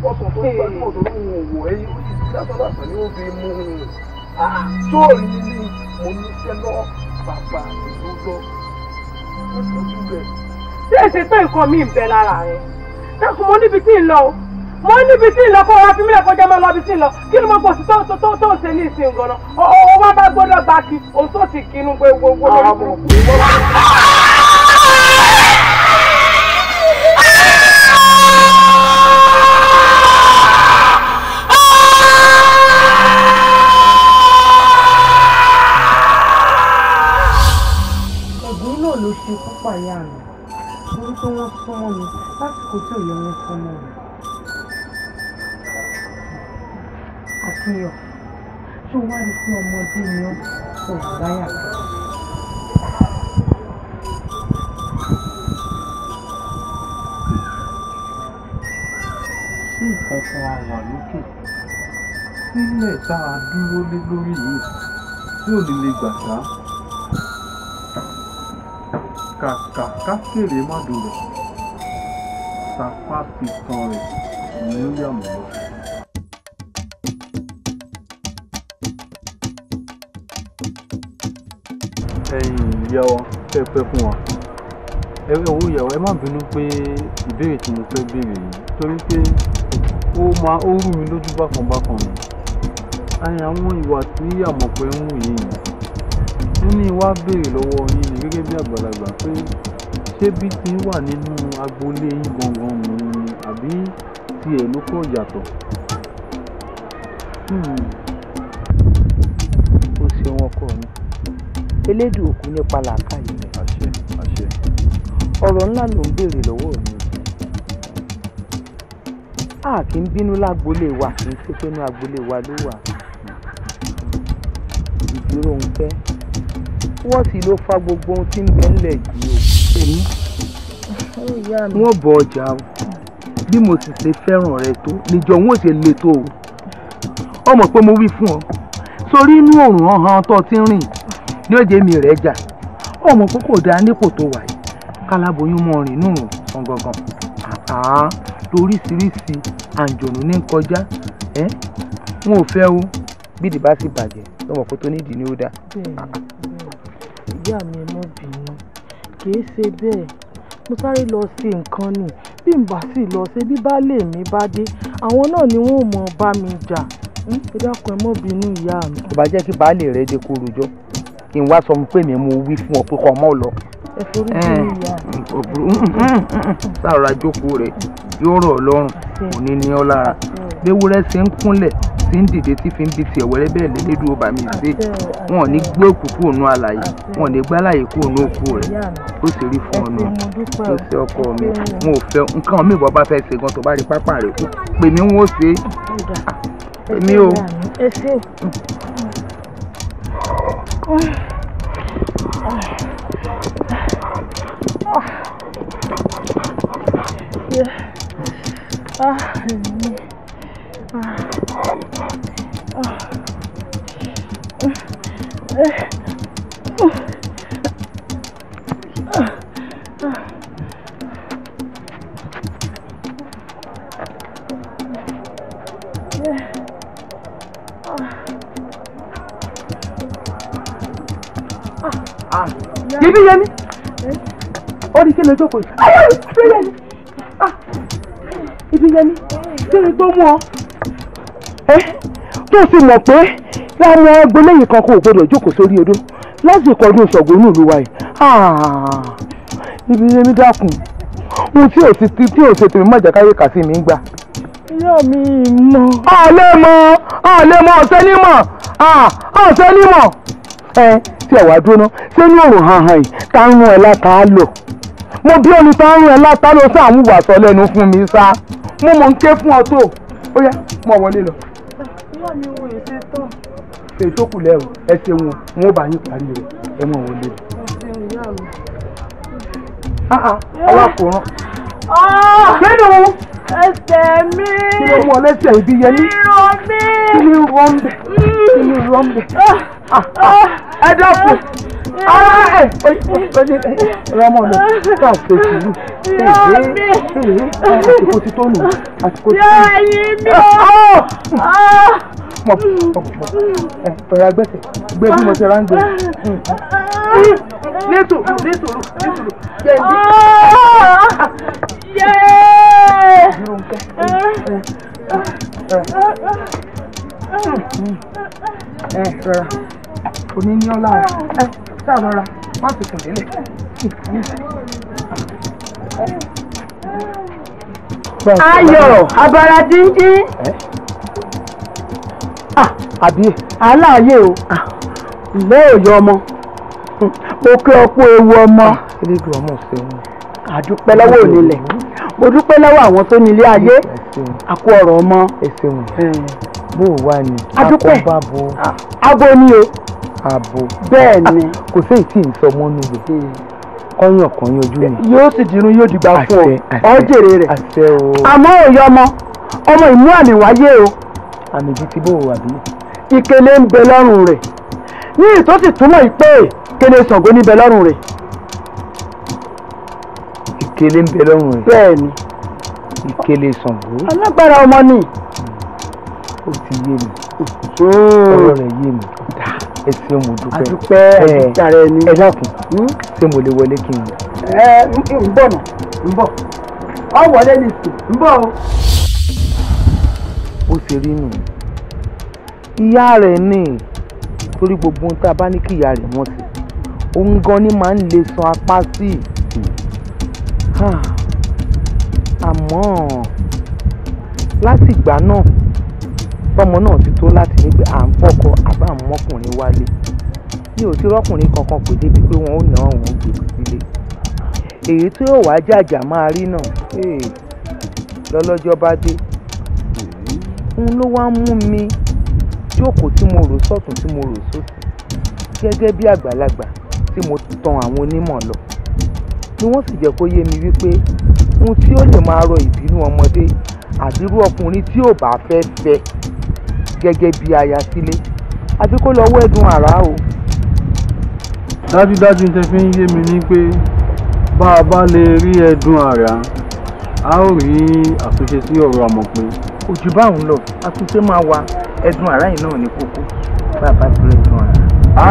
ọ̀sán tó ń gbàgbọ́ lórí òwò ẹ̀yìn ó ti dá sọ́dọ̀ àtàlẹ́ ó fi mú un. sóòrì ni mo níṣẹ́ lọ́wọ́ bàbá mi ló lọ mo tọ́jú rẹ̀. ṣé èsì tó nǹkan mi ń bẹ lára rẹ dákun mo níbi tí ń lọ o mo níbi tí ń lọ kó wá fi mílẹ̀ kọjá máa lọ ibi tí ń lọ kí ni mo kò sí tó tó tó ṣe ní ìsìn gan-an ọwọ́ bá gbọ́dọ̀ gbá kí òun tó ti kinu gbogbo lórí. pààyà mi torí pé wọ́n súnmọ́ mi lásìkò tí òye wọn súnmọ́ mi. àkíyọ̀ tó wá rí sí ọmọdé ni ó kò báyà. sí nǹkan kan lókè nílẹ̀ tá a dúró lé lórí yìí tí ò ní lè gbàgbá kàkà kákèrè má dolẹ̀ sapá fitan rẹ̀ ni ó yà mọ́ lọ. ẹ̀yin ìyá wa pẹ́pẹ́ fún wa ẹ wo ìyàwó ẹ má bínú pé ìbéèrè tí mo fẹ́ béèrè yìí torí pé ó máa ó rú mi lójú bákan bákan ni àwọn ìwà tí àmọ̀pẹ́ ń wù yìí níní wá béèrè lọ́wọ́ yín ni gẹ́gẹ́ bí àgbàlagbà pé ṣé bí ti wà nínú agboolé yín gangan òun ni àbí tiẹ̀ ló kọ̀ yàtọ̀ hmm. ó ṣe wọn kọ ni elédùn òkú nípa làákàyè rẹ àṣẹ àṣẹ ọ̀rọ̀ ńlá ló ń béèrè lọ́wọ́ mi a kì í bínú lágboolé wa kì í ṣe pé inú agboolé wa ló wà ìdúró ń pẹ́ wọ́ọ̀sì ló fa gbogbo ohun tí ń bẹ ńlẹ̀ yìí o èmi wọ́n bọ ọjà o bí mo sì ṣe fẹ́ràn rẹ tó níjọ wọn ò ṣe le tó o ọmọ pé mo wí fún ọ sórí inú òrùn ọ̀hán tó ti ń rìn ní òjé mi rẹ̀ jà ọmọ pé kò dáa nípò tó wà yìí káláboyún mọ rìn nù rùn gangan àá lóríṣiríṣi àǹjọ̀nù ní kọjá ẹ wọn ò fẹ́ o bí ìdìbá sì bàjẹ́ lọ́mọ pé tó nídìí ni ó dáa ìyá mi ẹ má bínú kì í ṣe bẹ́ẹ̀ mo sáré lọ ṣe nǹkan ni bí n bá sì lọ ṣe bí baálé mi bá dé àwọn náà ni wọn ò mọ bá mi jà hm? ẹ dákun ẹ má bínú ìyá mi. tó bá jẹ́ kí baálé rẹ dé kó rojọ́ kí n wá sọ pé mi mo wí fún ọ pé kọ́ mọ́ lọ. ẹ forí sí ìyá. Hm, hm, sàrà jókòó rẹ yóò rọ̀ ọ́ lọ́rùn òní ni ọ́ lára bí ewúrẹ́ ṣe ń kúnlẹ̀ tí ń dìde tí fi ń di tiẹ̀ wẹ́rẹ́ bẹ́ẹ̀ lẹ́lẹ́dúró bá mi ṣe wọn ò ní gbé òkú kúrò nú àlàyé wọn ò ní gbá àlàyé kúrò nú òkú rẹ̀ ó sì rí fún ọ̀nà tó ṣe ọkọ mi wọn ò fẹ́ nǹkan mi ìwọ bá fẹ́ ṣe gan tó bá rí pápá rẹ̀ kú pè mí wọn ṣe é èmi o. Yeah. Ah, ah yẹmi yẹmi ó di kí ló jókòó yìí ah! ibi yẹmi kí ni tó mú ọ tó sì mọ̀ pé láwọn ẹgbẹ́lẹ́ yìí kan kò gbọdọ̀ jókòó sórí odó lásìkò ọdún ìṣọ̀gbọ́n ní ìlú wa yìí ah, ibi yẹn mi dákun ohun tí ò ti ti tí ò ṣe tèmi mọ̀jà káyé kà sí mi ń gbà. ìyá mi mọ. àlẹ́ mọ àlẹ́ mọ ọ̀sẹ́ ní mọ̀ ọ̀sẹ́ ní ah, mọ̀ ẹ tí ẹ wá dúró ṣé ní òrùn hanhan yìí tá ń rún ẹ látà lò mo bí ẹni tá ń rún ẹ látà á lò sí àwọn ìwà sọ fún mi sá mo mọ̀ ń ké fún ọ tó ó yá mo wọlé lọ wà ní ohun èsè tán. ètò kù lẹ́rù ẹ ṣeun wọn bá yín parí rẹ ẹ mọ òun lé. ọ̀sẹ̀ nínú ẹsẹ̀ mi kí ló mú ọ lẹ́sẹ̀ ibi yẹmí kí ni rọ ń bẹ̀ kí ni rọ ń bẹ̀ ẹ dákun ara ẹ ọmọ lọ ká fẹ́ sùúrù àsìkò ti tó nù àsìkò ti tó nù ah, ah. mọ ẹ ọ̀rọ̀ agbẹ́sẹ̀ gbé bí mo ti ra ń gbé. nítorí nítorí nítorí gbẹ̀ndé ẹ rọra òní ní ọlá ẹ sáà rọra má fi kùn délé. ayọ̀ abara díndín. Ah, àbí aláàyè o ìlẹ́ òye ọmọ òkè ọkọ ewu ọmọ. elédùn ọmọ ò sẹ́wọ̀n àdúpẹ́ lọ́wọ́ onílẹ̀ mo dúpẹ́ lọ́wọ́ àwọn tó nílé ayé àkó ọ̀rọ̀ ọmọ. ẹ ṣeun bó o wà ní. adúpẹ́ abo ni o. abo bẹ́ẹ̀ ah, ni. kò sí èyí tí ì sọ mọ́nú rẹ̀ kọ́yàn kọ́yàn ojú mi. yóò sì dirun yóò dìgbà fún ọ ọ jèrè rẹ̀ àmọ́ òye ọmọ ọmọ ìmú àmì wáyé o. àmì bíi ti bó o wà bí. ìkèlè ń bẹ lọ́rùn rẹ̀ ní ìtòsí túmọ̀ ìpè kele Ṣàngó níbẹ̀ lọ́rùn rẹ̀ ìkélé ń bẹ lọ́rùn rẹ̀. bẹ́ẹ̀ni. ìkélé Ṣàngó. alágbára ọmọ ni. ó ti yé mi. ọ̀rọ̀ rẹ̀ yé mi. ẹ ṣe mo dúpẹ́. àdúpẹ́ àdúgbàrá ẹni. ẹ dákun hmm? ṣé mo lè wọlé kí n. ẹ ń bọ̀ nà ń bọ̀ ọ wọlé ní sùn ń bọ̀ o. ó ṣe rí nù ìyá rẹ̀ ní torí gbogbo ohun tá a bá ní kí ìyá rẹ̀ wọ́n ti òun gan ni màá ń lè san apá sí i àmọ́ látìgbà náà tọmọ náà ti tó láti ní pé à ń fọkọ àbá ń mọkùnrin wálé mi ò ti rọkùnrin kankan pè débi pé wọn ò ná òun gbè sílé èyí tí yóò wá jàjà máa rí náà eh, lọ́lọ́jọ́ bá dé n ló wá ń mú mi jókòó tí mo rò sọ́tún tí mo rò sósì gẹ́gẹ́ bí àgbàlagbà tí mo tan àwọn onímọ̀ lọ ni wọ́n sì jẹ́ kó yé mi wípé ohun tí ó lè máa rọ ìbínú ọmọdé àbírú ọkùnrin tí ò bá fẹ́ fẹ́ gẹ́gẹ́ bí aya sílé àti kó lọ́wọ́ ẹ̀dùn àrá o. dájúdájú tẹ fi ń yé mi ní pé bá a bá lè rí ẹ̀dùn àrá a ó rí àtúnṣe sí ọ̀rọ̀ àmọ̀pé. òjò báwọn lọ àtúnṣe máa wà ẹ̀dùn àrá yìí náà ní kókó bá a bá ti rí ẹ̀dùn àrá. a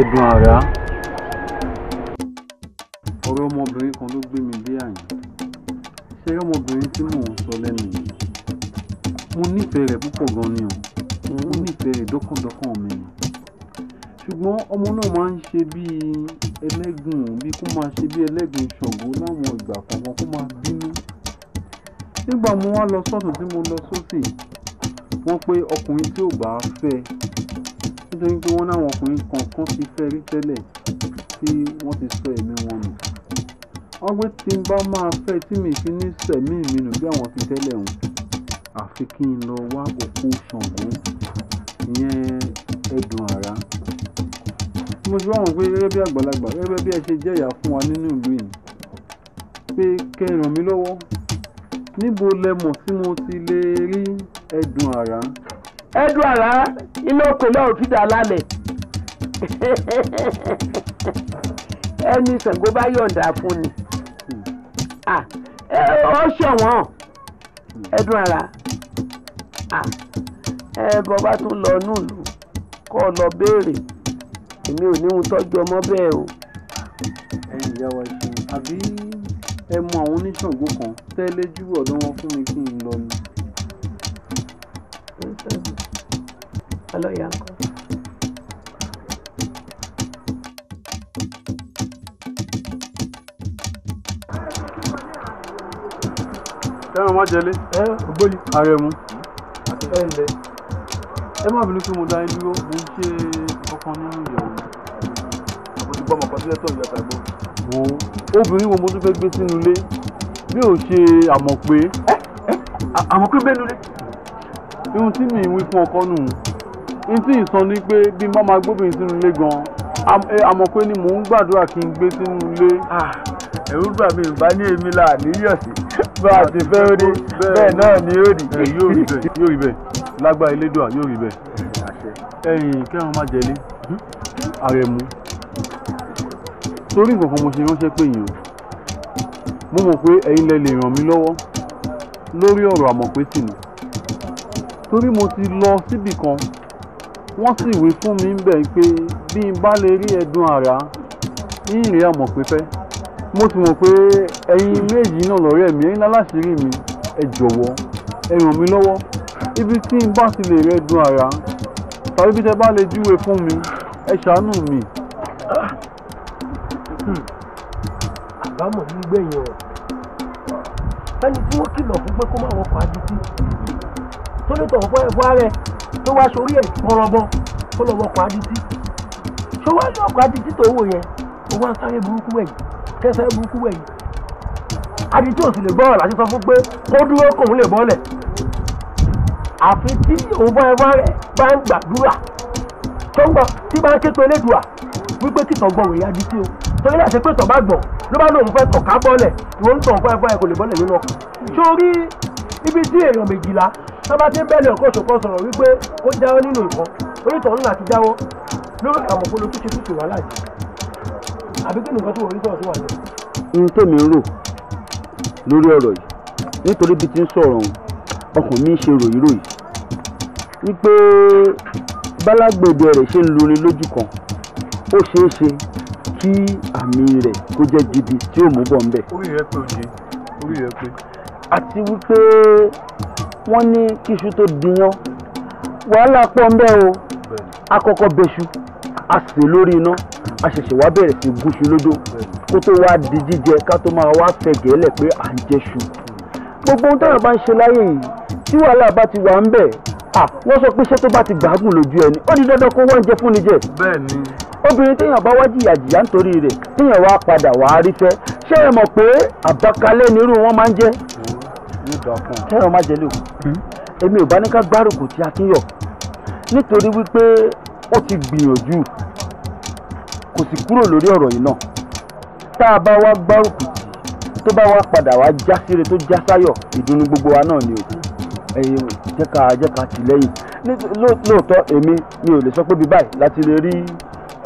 ẹ̀dùn àrá ọ̀rọ̀ ọmọbìnrin kan ló gbé mi dé àyìn ṣé ọmọbìnrin tí mò ń sọ lẹ́nu yìí mo nífẹ̀ẹ́ rẹ̀ púpọ̀ gan ni o mo nífẹ̀ẹ́ rẹ̀ dọ́kàndọ́kàn mi ni ṣùgbọ́n ọmọ náà máa ń ṣe bíi ẹlẹ́gùn bíi kó máa ṣe bíi ẹlẹ́gùn ṣọ̀gbọ́ láwọn ìgbà kọ̀ọ̀kan kó máa bínú nígbà mo wá lọ sọ́tún tí mo lọ sósì wọ́n pé ọkùnrin tí ò bá fẹ́ nítorí pé wọ́n láwọn ọkùnrin kọ̀ọ̀kan ti fẹ́ rí tẹ́lẹ̀ tí wọ́n ti sọ ẹ̀mí wọn nù wọ́n pé tí n bá máa fẹ́ tí mi fi ní sẹ̀mí mi nù bí àwọn fi tẹ́lẹ̀ hùn àfi kí n lọ wá òkú Ṣàngó ìyẹn ẹ̀dùn àrá mo ti wá wọn pé gẹ́gẹ́ bí àgbàlagbà gẹ́gẹ́ bí ẹ ṣe jẹ́ ìyá fún wa nínú ìlú yìí pé kẹ́ ẹ ràn mí lọ́wọ́ níbo lẹ mọ̀ tí mo ti lè rí ẹ̀dùn àrá. ẹ̀dùn àrá iná kò lọ́ọ̀ fi dà lálẹ́. ẹni Ṣàngó bá yọ̀ǹda fún ni ó ṣọ̀wọ́n ẹdún ara bọ́ bá tún lọ nílùú kọ́ lọ béèrè èmi ò ní ohun tọ́jú ọmọ bẹ́ẹ̀ o. ẹ̀yin ìyá wa ṣe àbí ẹ mọ àwọn oníṣàngó kan tẹ́lẹ̀ jù ọ̀dọ̀ wọn fún mi kí n lọ ni. ọlọ́yà ń kọ́. ẹran má jẹlé. ẹ ògbóni. àrẹ̀mú. ẹ ǹlẹ́ ẹ má bínú pé mo dá yín dúró mo ń ṣe ọkàn nínú ìyàwó. mo ti gbọ́ ọmọ kan sílẹ̀ tó ìyá tàgbó. wo obìnrin wo mo tún fẹ́ gbé sínú ilé bí ò ṣe àmọ̀ pé. àmọ̀ pé bẹ́ẹ̀ nulẹ̀. irun tí mi ń wí fún ọkọ nù n tí ìsan ni pé bí má máa gbóbìnrin sínú ilé gan-an àmọ̀ pé ni mò ń gbàdúrà kí n gbé sínú ilé. Ah ẹ̀rú gbà mí ìbá ní èmi là níyọ̀sí bá a ti fẹ́ ó dé bẹ́ẹ̀ náà ni ó rí. yóò rí bẹ́ẹ̀ yóò rí bẹ́ẹ̀ lágbára elédùà yóò rí bẹ́ẹ̀. ẹ̀yin kẹ́hìn má jẹ́lé àrẹ̀mú torí nǹkan kan mo ṣe ránṣẹ́ pé yìí o mo mọ̀ pé ẹ̀yin lẹ lè ràn mí lọ́wọ́ lórí ọ̀rọ̀ àmọ̀pé tì mí torí mo ti lọ síbì kan wọ́n sì wí fún mi ń bẹ̀ pé bí n bá lè rí ẹ̀dùn àrà ń rèé àmọ̀pé mo sì mọ̀ pé ẹ̀yin méjì náà lọ́rẹ́ mi ẹ̀yin láláṣírí mi ẹ jọ̀wọ́ ẹ ràn mí lọ́wọ́ ibi tí n bá ti lè rẹ dun ara tàbí bí tẹ bá lè júwe fún mi ẹ ṣàánú mi. àbámọ̀ ní gbẹ̀yìn ọ̀rọ̀ ẹni tí wọ́n kìlọ̀ fún pé kó má wọkọ̀ adití tó lè tọ̀ fún ẹ̀fọ́ tó wá sórí ẹ̀ pọ̀rọ̀bọ kó lọ́ wọkọ̀ adití ṣó wá lọ́kọ̀ adití tó wò yẹn ó wá sáré burúkú wẹ̀yìn kẹsẹ̀ burúkú wẹ̀yìn adi tí o sì lè bọ́ ọ̀la sísọ fún pé kó dúró kóun lè bọ́lẹ̀ àfi tí òun bá ẹwà rẹ̀ bá ń gbàdúrà tó ń gbà tí bá ń ké pé elédùà wípé kìtọ̀ gbọ̀ wòye adi tí o torí àti pé tọ̀ bá gbọ̀ ló bá lóun fẹ́ tọ̀ ká bọ́lẹ̀ ìwọ ń tọ̀ fún ẹgbẹ́ ẹ kò lè bọ́lẹ̀ nínú ọkọ̀ sórí ibi tí èèyàn méjìlá tó bá ti ń bẹ́ẹ̀lì ọkọ̀ ṣòkan sọ̀rọ̀ wípé ó jáwọ́ nínú nǹkan onítọ̀ ńlá ti jáwọ́ lórí àmọ̀pọ̀ lójúṣe tútù wà láàyè àbí kí nìkan tó wọlé sọ̀rọ̀ tó wà lẹ́yìn. ohun tèmi ń rò lórí ọ̀rọ̀ yìí nítorí bí ti ń sọ̀rọ̀ ọ̀hún ọkàn mi ń ṣe ròyìnròyìn wípé bálágbèdè rẹ̀ ṣe ń luni lójú kan ó ṣeé ṣe kí àmì rẹ̀ kó jẹ́ gidi tí ó mú bọ̀ ńbẹ̀. orí rẹ pé oje orí rẹ pé. àti wípé wọ́n ní kíṣu tó dìyàn wàhálà pọ̀ ńbẹ̀ o akọ́kọ́ bẹṣu a sè lórí iná a ṣẹ̀ṣẹ̀ wá bẹ̀rẹ̀ sí gúnṣu lódó kó tó wá di jíjẹ ká tó máa wá fẹ́ gẹ́lẹ̀ pé à ń jẹṣu gbogbo ohun táwọn bá ń ṣe láyé yìí tí wàhálà bá ti wà ń bẹ̀ à wọ́n sọ pé iṣẹ́ tó bá ti gbàágùn lójú ẹni ó di dandan kó wọ́n jẹ fún ni jẹ. bẹ́ẹ̀ni. obìnrin téèyàn bá wá jìyà jìyà nítorí rẹ̀ téèyàn wá padà wá rí fẹ́ ṣé ẹ mọ̀ pé àbákalẹ̀ nírú wọn máa ń jẹ́. ṣé ẹ máa jẹ ó ti gbìyànjú kò sì kúrò lórí ọ̀rọ̀ yìí náà tá a bá wá gbárùkù tì tó bá wá padà wá já síre tó já sáyọ̀ ìdùnnú gbogbo wa náà ni o ẹ̀yin jẹ́ ká jẹ́ ká tì lẹ́yìn lóòótọ́ èmi mi ò lè sọ pé bíi báyìí láti lè rí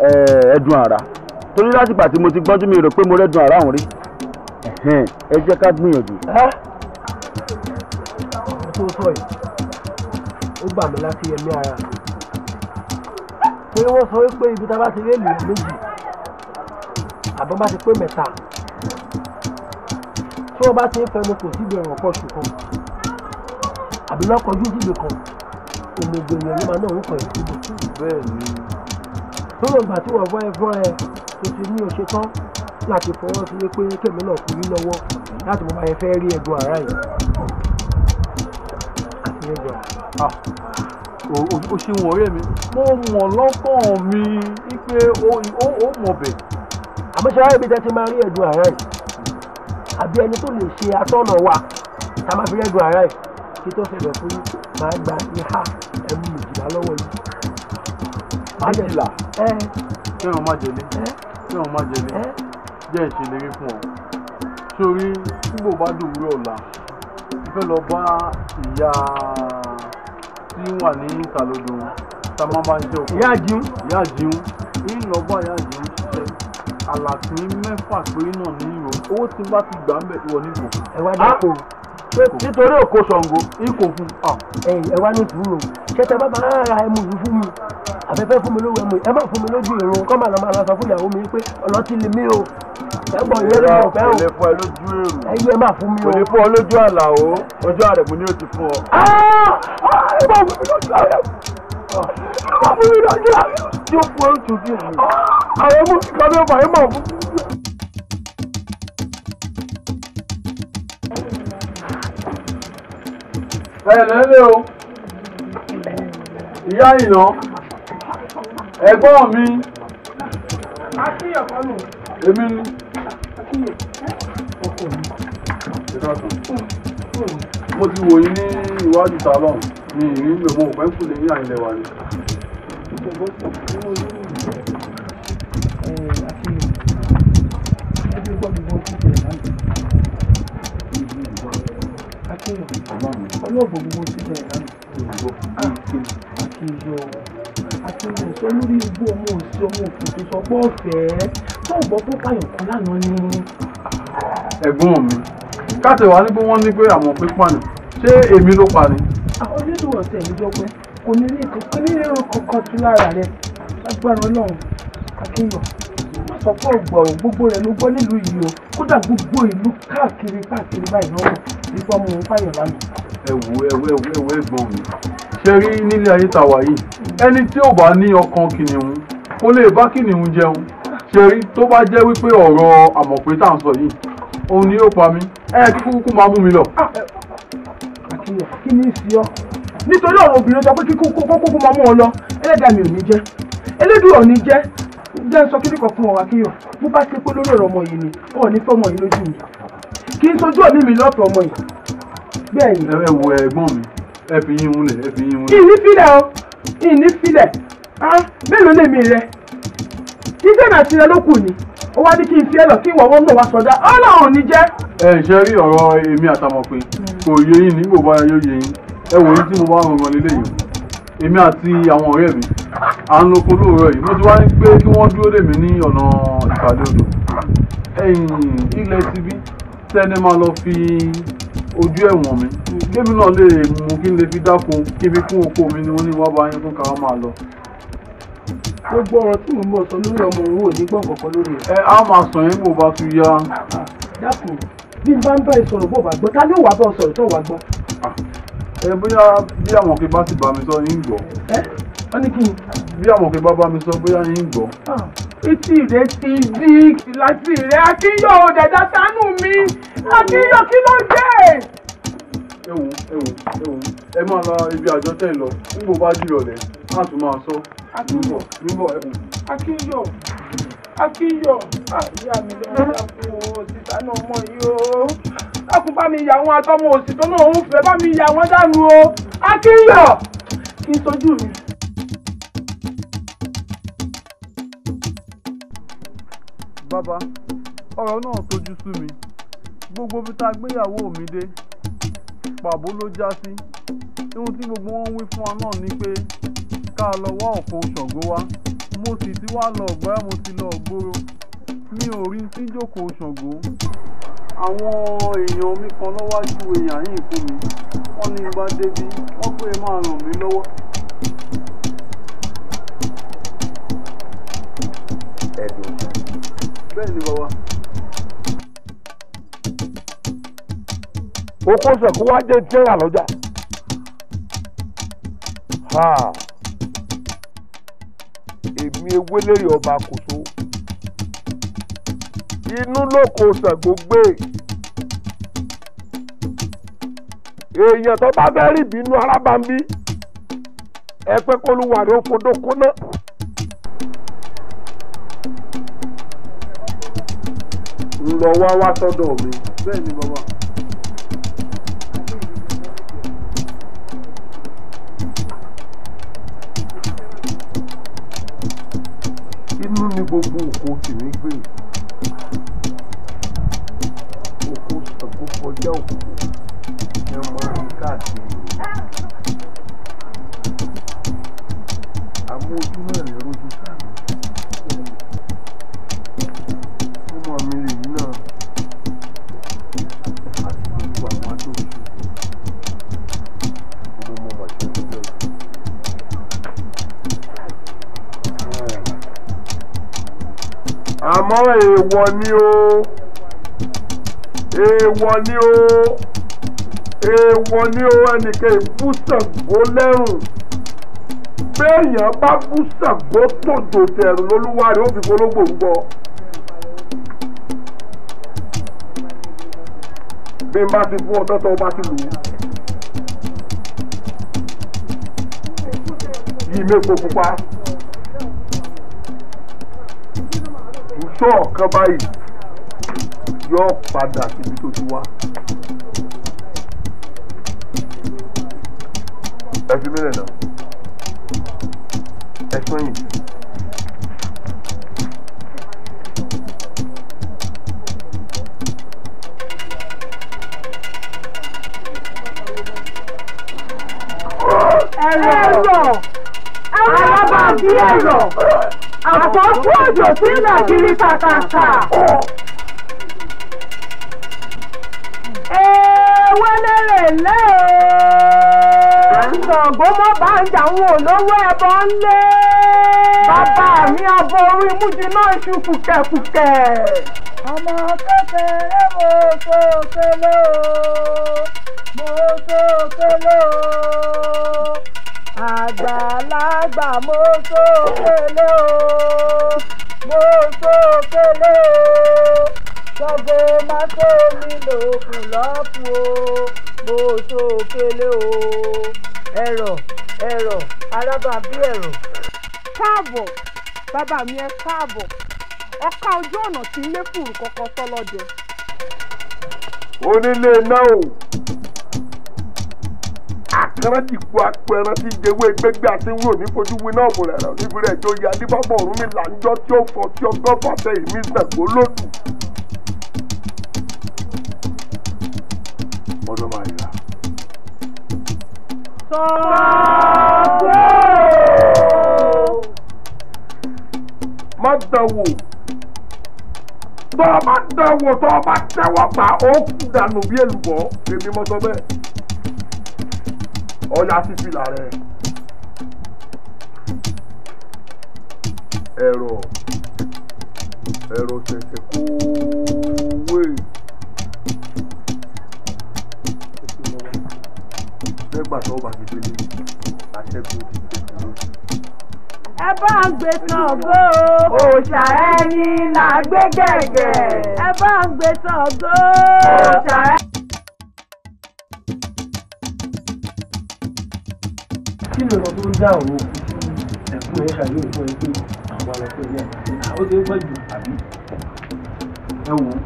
ẹ̀ẹ́dùn àrà torí látìgbà tí mo ti gbọ́njú mi rò pé mo rẹ́dùn àrà òun rí ẹ jẹ́ ká gbìyànjú. ó gbà mí láti ẹ̀mí ara mi pé wọ́n sọ pé ibi tá a bá ti rí ènìyàn méjì àbọ̀ bá ti pé mẹ́ta tí wọ́n bá ti ń fẹnu kò síbi ọ̀rọ̀ pọ̀ ṣùgbọ́n àbí lọ́kọ̀ọ́jú síbi kan òmùgbò èèyàn ló máa náà ń pẹ̀ síbi. bẹ́ẹ̀ ni. tó lọ gbà tí wọ́n fọ́ ẹ fọ́ ẹ tó ti ní oṣù tán láti fọwọ́ sí pé kèmí náà kò rí lọ́wọ́ láti mo máa fẹ́ rí ẹ̀dùn àárá yìí àti ẹ̀dùn àárá. Ah o ṣe wọ ọ̀rẹ́ mi mo mọ̀ lọ́kàn mi wípé ó mọ̀ bẹ̀. àmọ́ṣáá ibi tẹ́ ti máa rí ẹ̀dùn àárẹ̀ yìí àbí ẹni tó lè ṣe atọ́nà wa tá a máa fi rẹ́dùn àárẹ̀ yìí kí tó ṣẹlẹ̀ fún yín máa gba ìhà ẹ̀mú méjìlá lọ́wọ́ yìí. méjìlá ṣé wọn máa jẹlé wọn máa jẹlé ìṣèlérí fún ọ sórí nígbò bá dùn wúrọ̀ ọ̀la ìfẹ́ lọ bá ìyá tí wà ní ìsàlódò tá a jẹ òkú. ìyá àjíun. ìyá àjíun ìlọ́gbà ìyá àjíun ṣiṣẹ́ àlàtí mẹ́fà péré náà ní ìrò owó tí n bá ti gbà ń bẹ̀ wọ nílò. ẹ wá dáko nítorí òkò ṣàngó ikò fún. Ah. ẹ wá ní sùúrù ṣẹta bàbá ara ẹmu yìí fún mi àfẹ́fẹ́ fún mi lówó ẹmu ẹ má fún mi lójú ìrún kọ́ máa lọ sọ fún ìyàwó mi pé ọlọ́tí lè mí o ẹgbọ́n yẹn ló mọ̀ fẹ́ o ẹ lójú ẹ má fún mi o. kò lè fún ọ lójú àlà o ojú àrẹ̀mú ni ó ti fún ọ. Ah! Ah! ẹ má fún mi lójú àlà ẹ má fún mi lójú àlà. yóò fún ẹ ẹ lẹ́lẹ́ o ìyá ìná ẹ̀gbọ́n mi èmi ni. mo ti wòye ní iwájú salon mi ìrìn lò mo pẹ́ kù lè ní àyìnlẹ̀ ni. kéèyàn ọlọ́ọ̀bù gbogbo sílẹ̀ lánàá àkíyọ àkíyọ sọ lórí igbó ọmọ òsì ọmọ òfin tó sọ pé ọ̀fẹ́ tó gbọ́ pé pààyàn kan lánàá ni. ẹ̀gbọ́n mi káṣẹ̀ wá ní pé wọ́n ní pé àwọn pípààyàn ṣé èmi ló pa ni. àwọn onídùúrọ̀ tẹ̀ ń jọ pé kò ní ní ìrìn kankan tún lára rẹ̀ lágbára ọlọ́run àkíyọ àkọ́kọ́ ọ̀gbà ò gbogbo rẹ̀ ló gbọ́ nílùú yìí o kódà gbogbo ìlú káàkiri káàkiri báyìí lọ́wọ́ ìfọ́ mu fáyọ̀ lánàá. ẹ wo ẹ wo ẹ wo ẹ wo ẹ̀gbọ́n mi ṣe rí nílé ayé ta wà yìí ẹni tí ò bá ní ọkàn kìnìún kó lè bá kìnìún jẹun ṣe rí tó bá jẹ́ wípé ọ̀rọ̀ àmọ̀pé tá à ń sọ yìí òun ni yóò pa mí ẹ kúkú máa mú mi lọ. Ah, nítorí ọ̀rọ̀ obìnrin sọ pé kíkú kókó máa mú ọ lọ ẹlẹ́dàá mi ò ní jẹ́ elédùn ò ní jẹ́ jẹ́ ń sọ kí nìkan fún ọ akíyọ̀ bó bá ti pé lórí ọ̀rọ̀ ọmọ yìí ni ọ̀ ní fọ́mọ yìí lójú mi kì í sojú ọ̀mí mi lọ́ọ̀tọ̀ ọmọ yìí bẹ́ẹ̀ ni. ẹ wo ẹ̀gbọ́n mi ẹ fi yín múlẹ̀ ẹ fi yín múlẹ̀. ìní o ìní á mélòó lèmi rẹ iṣẹ́ náà tirẹ̀ ló kù ni ó wá ní kí n fi ẹ lọ kí ìwọ̀wọ́ mọ̀ wá sọdá ọlọ́run ní jẹ́. ẹ ṣe rí ọ̀rọ̀ èmi àtàmọ̀pin kò yé yín ní mo bá rọrùn lélẹ́yìn èmi àti àwọn ọ̀rẹ́ mi à ń loko lóòrọ̀ yìí mo ti wá ní pé kí wọ́n dúró dè mí ní ọ̀nà ìpàdé odò ẹ̀yìn ilẹ̀ ti bí tẹ́ni máa lọ fi ojú ẹ̀wọ̀n mi lèmi náà lè mú kí n lè fi dákun kí n fi kún oko mi ni wọ́n ní wọ́n bá yín fún káwọn máa lọ. gbogbo ọ̀rọ̀ tí mo mọ̀ sọ lórí ọmọ òun ò ní gbọ̀n kankan lórí ẹ̀. ẹ á máa sàn yín bó bá tún yá. dákun bí n bá ń bá ẹ bó bá gbọ́ ta ló wàá bá ọ sọ̀rọ̀ tó wàá gbọ́ ẹ bóyá bí àwọn kí bá sì bá mi sọ yín gbọ́. ẹ ọ ní kí n. bí àwọn kí bá bá mi sọ bóyá yín gbọ́. Ah, etí rẹ ti di láti rẹ akínyọ òdàdà sánú mi akínyọ kí ló dé. ẹ wò ẹ wò ẹ wò ẹ máa lọ ibi àjọ tẹ̀ lọ nígbò bá dìrọ̀lẹ́ láti máa sọ. akínyọ akínyọ akíyọ̀ àyà ah, mi lọ́wọ́ dákun òsì sánú ọmọ yìí o dákun bá mi yà wọn àtọmọ òsì tó náà ń fẹ́ bá mi yà wọn dànù o akíyọ̀ kí n tọ́jú mi. bàbá ọ̀rọ̀ náà tójú sú mi gbogbo bí tá a gbéyàwó mi dé pàbó ló já sí ohun tí gbogbo wọn wí fún wa náà ni pé ká lọ wá òkú ṣàngó wá mo sì ti wá lọ ọ̀gbọ́n mo ti lọ ọ̀gbọ́rọ̀ mi ò rí tí jókòó ṣàngó àwọn èèyàn mi kan lọ́wájú èèyàn yìí fún mi wọ́n ní gba débi wọ́n pé máa ràn mí lọ́wọ́. ẹ̀dùn bẹ́ẹ̀ ni bàbá. okòó sọ̀kú wá jẹ́ jẹ́rà lọ́jà. Ha. èmi ewélérè ọba kòso inú lóko Ṣàngó gbé èèyàn tó bá fẹ́ rí inú arábàmbí ẹ pé kó lu wàrí òfodó kóná. ńlọ wá wá sọ́dọ̀ mi. bẹ́ẹ̀ ni bàbá. gbogbo oko tèmi gbé oko ṣàkóso ọjà òkú. èèwọ̀ ni o èèwọ̀ ni o èèwọ̀ ni o ẹnìkan ìbú Ṣàngó lẹ́rùn béèyàn bá bú Ṣàngó tòjò tẹ̀rù lólúwarì ó fi gbólógbò gbọ́. bí n bá ti fún ọtọ́ tó bá ti lù ú. yìí mẹ́kọ̀ọ́ pupa. kan báyìí yóò padà síbi tó ti wá. ẹ fi mílẹ̀ náà. sílẹ̀ kiri kàkàkà. ewé lérè lé o. ṣàngó mọ́ bá ń jà àwọn olówó ẹbọ ń lé. bàbá mi abọ orí mújì náà ṣu kùkẹ̀kùkẹ̀. ọmọ kékeré mo tó kélé o mo tó kélé o àgbàlagbà mo tó kélé o mo sókèlè o ṣàgò mátó mi lòkùn lọ́kùn o mo sókèlè o ẹ̀rọ ẹ̀rọ arábàbí ẹ̀rọ. káàbọ̀ bàbá mi ẹ káàbọ̀ ọ̀ka ojú ọ̀nà tí ń lé fùrù kọ̀ọ̀kan tọ́lọ́dẹ. onílé náà o àkàrán dìgbò apẹran tí jẹwé gbẹgbẹ àti wúrò ní fojú winá ọ̀mùrẹ̀rẹ̀ níbi rẹ̀ tó yẹ adébábọ̀ ọ̀run mi là tí ó kọ tí ọgọ́ fàtẹ ìmí sẹ̀kó lódù. ọdún máa yà. sọ́ọ́ má dánwò tọ́ ọ dánwò tọ́ ọ tẹ́wọ́ gbà ó kú dànù bí èlùbọ́ èmi mọ́ sọ bẹ́ẹ̀ ọ̀yà fífi làárẹ̀ ẹ̀rọ ẹ̀rọ ṣẹ̀ṣẹ̀ kówé nígbà tó bá ti délé àṣẹ́gun ti délé. ẹ bá ń gbé tán ògo òòṣà ẹni là gbé gẹ̀gẹ̀. ẹ bá ń gbé tán ògo òòṣà ẹni. kí ló lọ tó ń dá òun ẹ̀kún ẹ̀ ṣàlùyẹ̀ fún ẹ àwọn ọlọ́pẹ́ ilé ẹ̀ ó ti pẹ́ jù àbí. ẹ wò ó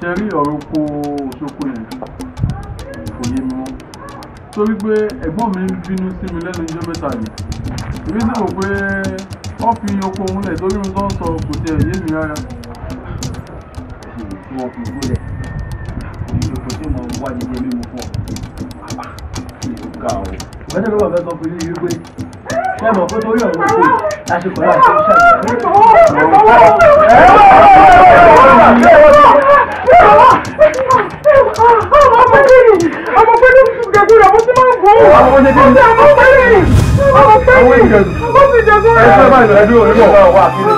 ṣe rí ọ̀rọ̀ kó Òṣogbo yẹn kò yé mi mọ́ torí pé ẹ̀gbọ́n mi ń bínú sí mi lẹ́nu ijọ́ mẹ́ta yìí èmi sì rò pé wọ́n fi oko òun lẹ̀ torí mi tó ń sọ kò tiẹ̀ yé mi rárá. wọ́n fi oko lẹ̀ kò tí mo wá ọdún mi wà fẹ́ kan fún pé ṣé mọ̀ kó torí ọ̀rọ̀ kò lásìkò náà ṣe ń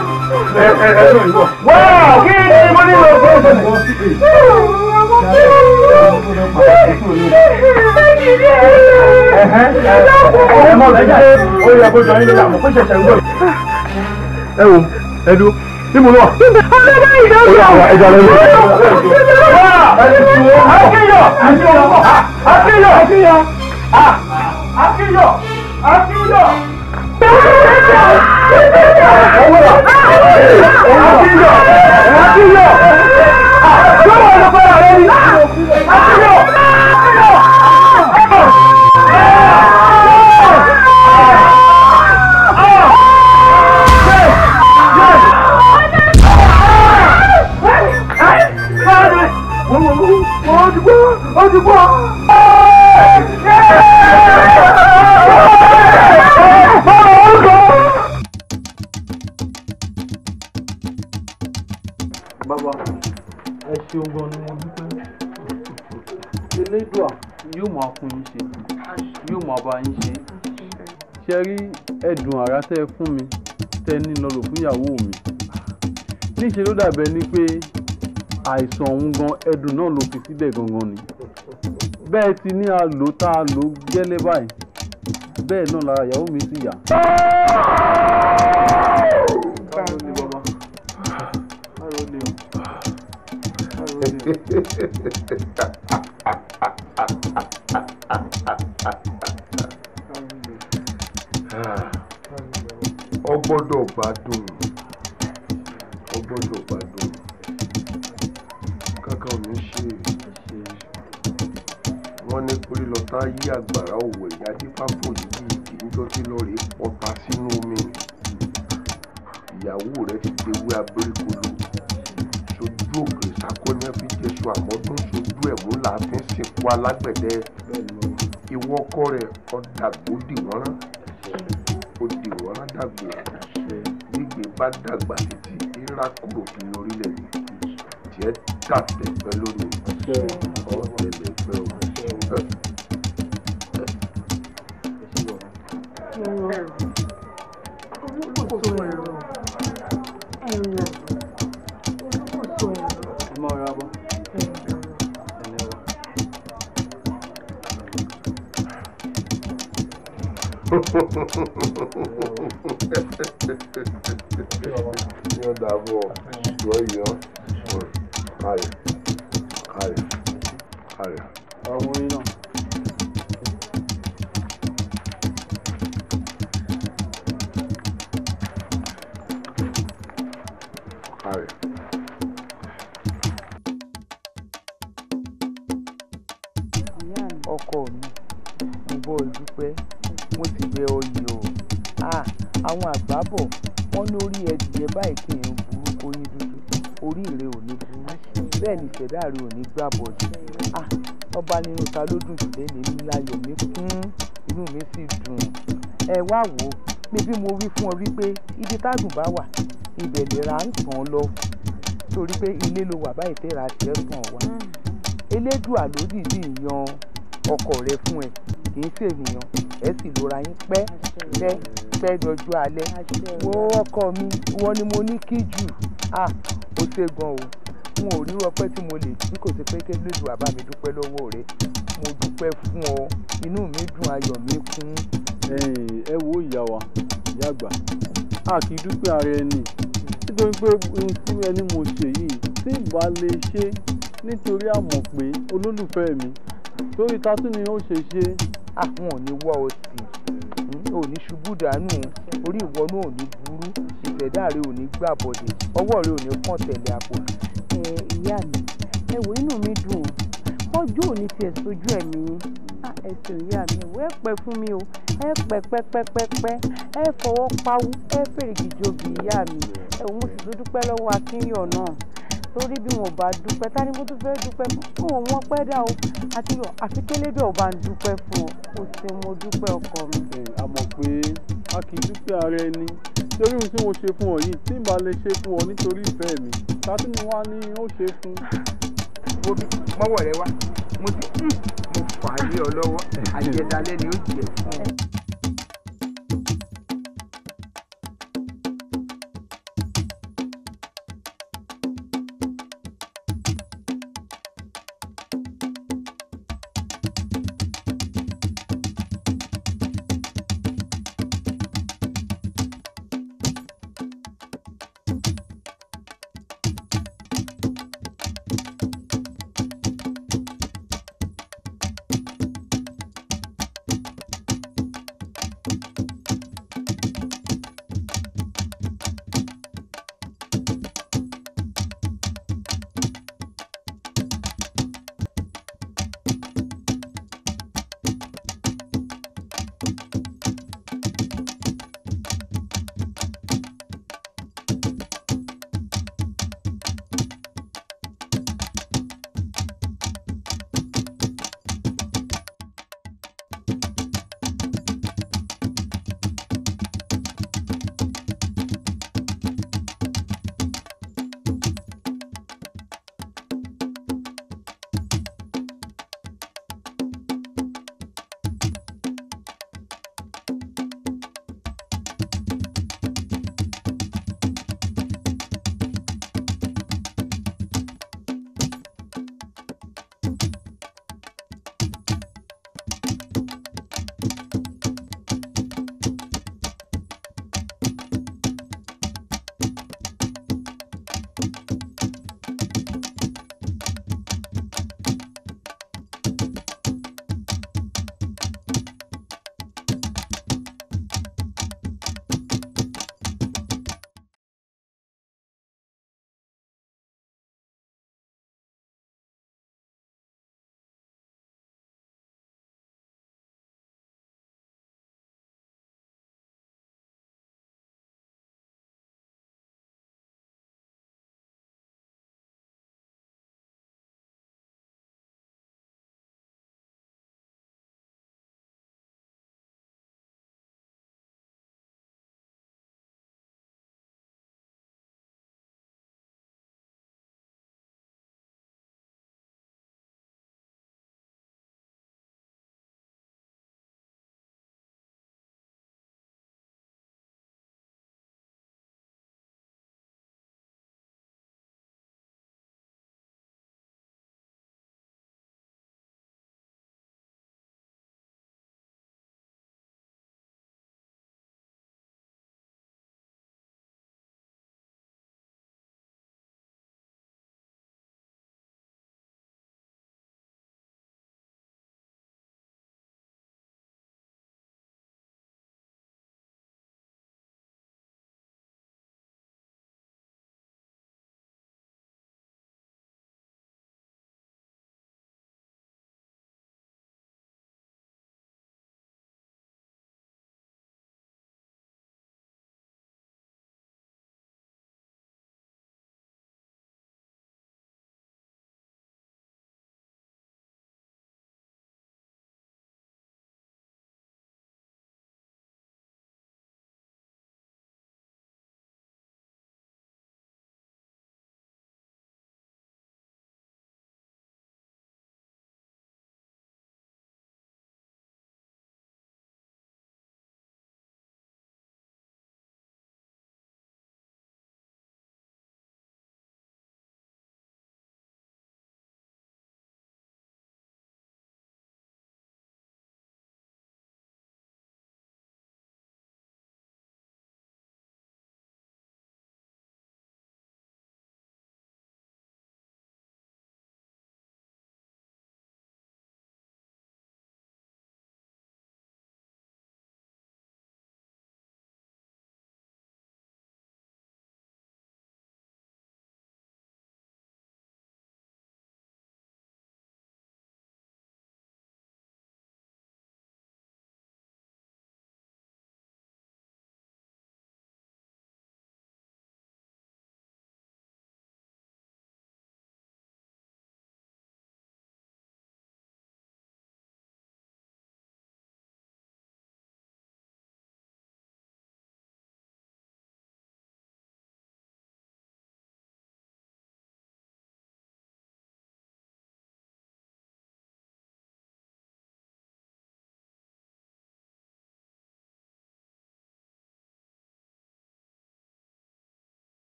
Wow, kí ni ẹ wo ẹ dúró ní mo lọ. ọlọ́dẹ ìdájọ́ ẹja lẹ́nu. akínyọ̀ akínyọ̀ akínyọ̀ akínyọ̀ akínyọ̀. akínyọ̀ akínyọ̀. Ó ti gbọ́! Ó ti gbọ́! fún yín ṣe yóò máa bá yín ṣe ṣe rí ẹdùn àrà tẹ́ fún mi tẹ́ ní lọ́lọ́ fún ìyàwó mi níṣẹ́ ló dàbẹ̀ ni pé àìsàn ọ̀hún gan ẹ̀dùn náà ló fi sílẹ̀ gangan ni bẹ́ẹ̀ ti ní a tá a lò báyìí náà lára ìyàwó mi yà. Ha ha ha ha ha. wọ́n ní Gorílọtà yí àgbàrá òwò ẹ̀yà dífáfò yìí ìdí níjọ́ tí lọ́ọ̀rẹ́ pọ́ta sínú omi ìyàwó rẹ̀ ti dewé abẹ́rẹ́kọlù sojú òkè sakọ́niá fi jẹ̀sọ àmọ́dún sojú ẹ̀ mú láàfin sìnkú alágbẹ̀dẹ ìwọ ọkọ rẹ̀ ọ̀dàgbò dìwọ́nrán òdìwọ́nrán dàgbò gbígbé bá dàgbà títí ìrà kúrò kí lórílẹ̀ yìí tiẹ̀ dàtẹ̀ pẹ́ lónìí ọ̀tẹ̀lẹ̀ pẹ́ ọmọ. ẹ̀rọ olùkóso ẹ̀rọ ẹ̀rọ olùkóso ẹ̀rọ. ẹ máa ra bọ́. yóò dà bọ̀ yóò yọ ayọ̀. ẹ̀dá rẹ ò ní gbà bọ̀dù ah, ọba nínú ta ló dùn jù lẹ́nu mi láyọ̀ mi kún inú mi sì dùn ẹ wá wò ó pé bí mo wí fún ọ wípé ibi tágùn bá wà ibẹ̀ lè ra ń tàn lọ torí pé ilé ló wà báyìí tẹ́ra tiẹ̀ tàn wá elédùà ló dìdí yan ọkọ rẹ fún ẹ kì í ṣènìyàn ẹ sì lóra yín pẹ́ pẹ́ pẹ́ dọjú alẹ́ wo ọkọ mi wọ́n ni mo ní kí jù ah ó ṣe gan o fún ọ onírú ọpẹ́ tí mo lè bí kò sí pé kébìlìdù àbá mi dúpẹ́ lọ́wọ́ rẹ mo dúpẹ́ fún ọ inú mi dùn ayọ̀ mi kún. ẹ wo ìyá wa ìyá àgbà a kì í dúpẹ́ ara ẹni nítorí pé ohun tí ẹni mo ṣe yìí tí ìbá lè ṣe nítorí àmọ̀ pé olólùfẹ́ mi torí tatú ni ó ṣe ṣe. àwọn ò ní wá ọ sí hmm, ò ní ṣubú dànù orí ìwọ náà ò ní burú ìṣẹ̀dá rẹ ò ní gbàbọ̀dẹ̀ ọwọ́ rẹ ò ní kàn tẹ̀lé àpò ìyá mi ẹ inú mi dùn o pọ́jú òní tiẹ̀ sojú ẹ̀mí ẹsẹ̀ ah, ìyá mi ìwé ẹ̀pẹ̀ fún mi o ẹ pẹ́ pẹ́pẹ́pẹ́pẹ́ ẹ fọwọ́ pawú ẹ fèrè gìjòbì ìyá mi ẹ̀wọ̀n mo sì tún dúpẹ́ lọ́wọ́ akínyọ̀ náà torí bí wọn bá dúpẹ́ ta mo tún fẹ́ dúpẹ́ fún òun wọn pẹ́ dá o akínyọ̀ àfi kélédè ọba ń dúpẹ́ fún ọ kò sí mo dúpẹ́ ọkọ mi. a mọ̀ pé a kì í dúpẹ́ ara ẹni torí ohun tí mo ṣe fún ọ yìí tí n bá lè ṣe fún ọ nítorí ìfẹ́ mi tàbí mo wá ní ó ṣe fún. bobi mọ́wọ́ rẹ wá mo ti hmm, mo fà á lé ọ lọ́wọ́ àjẹdálẹ́ ni ó jẹ fún ọ.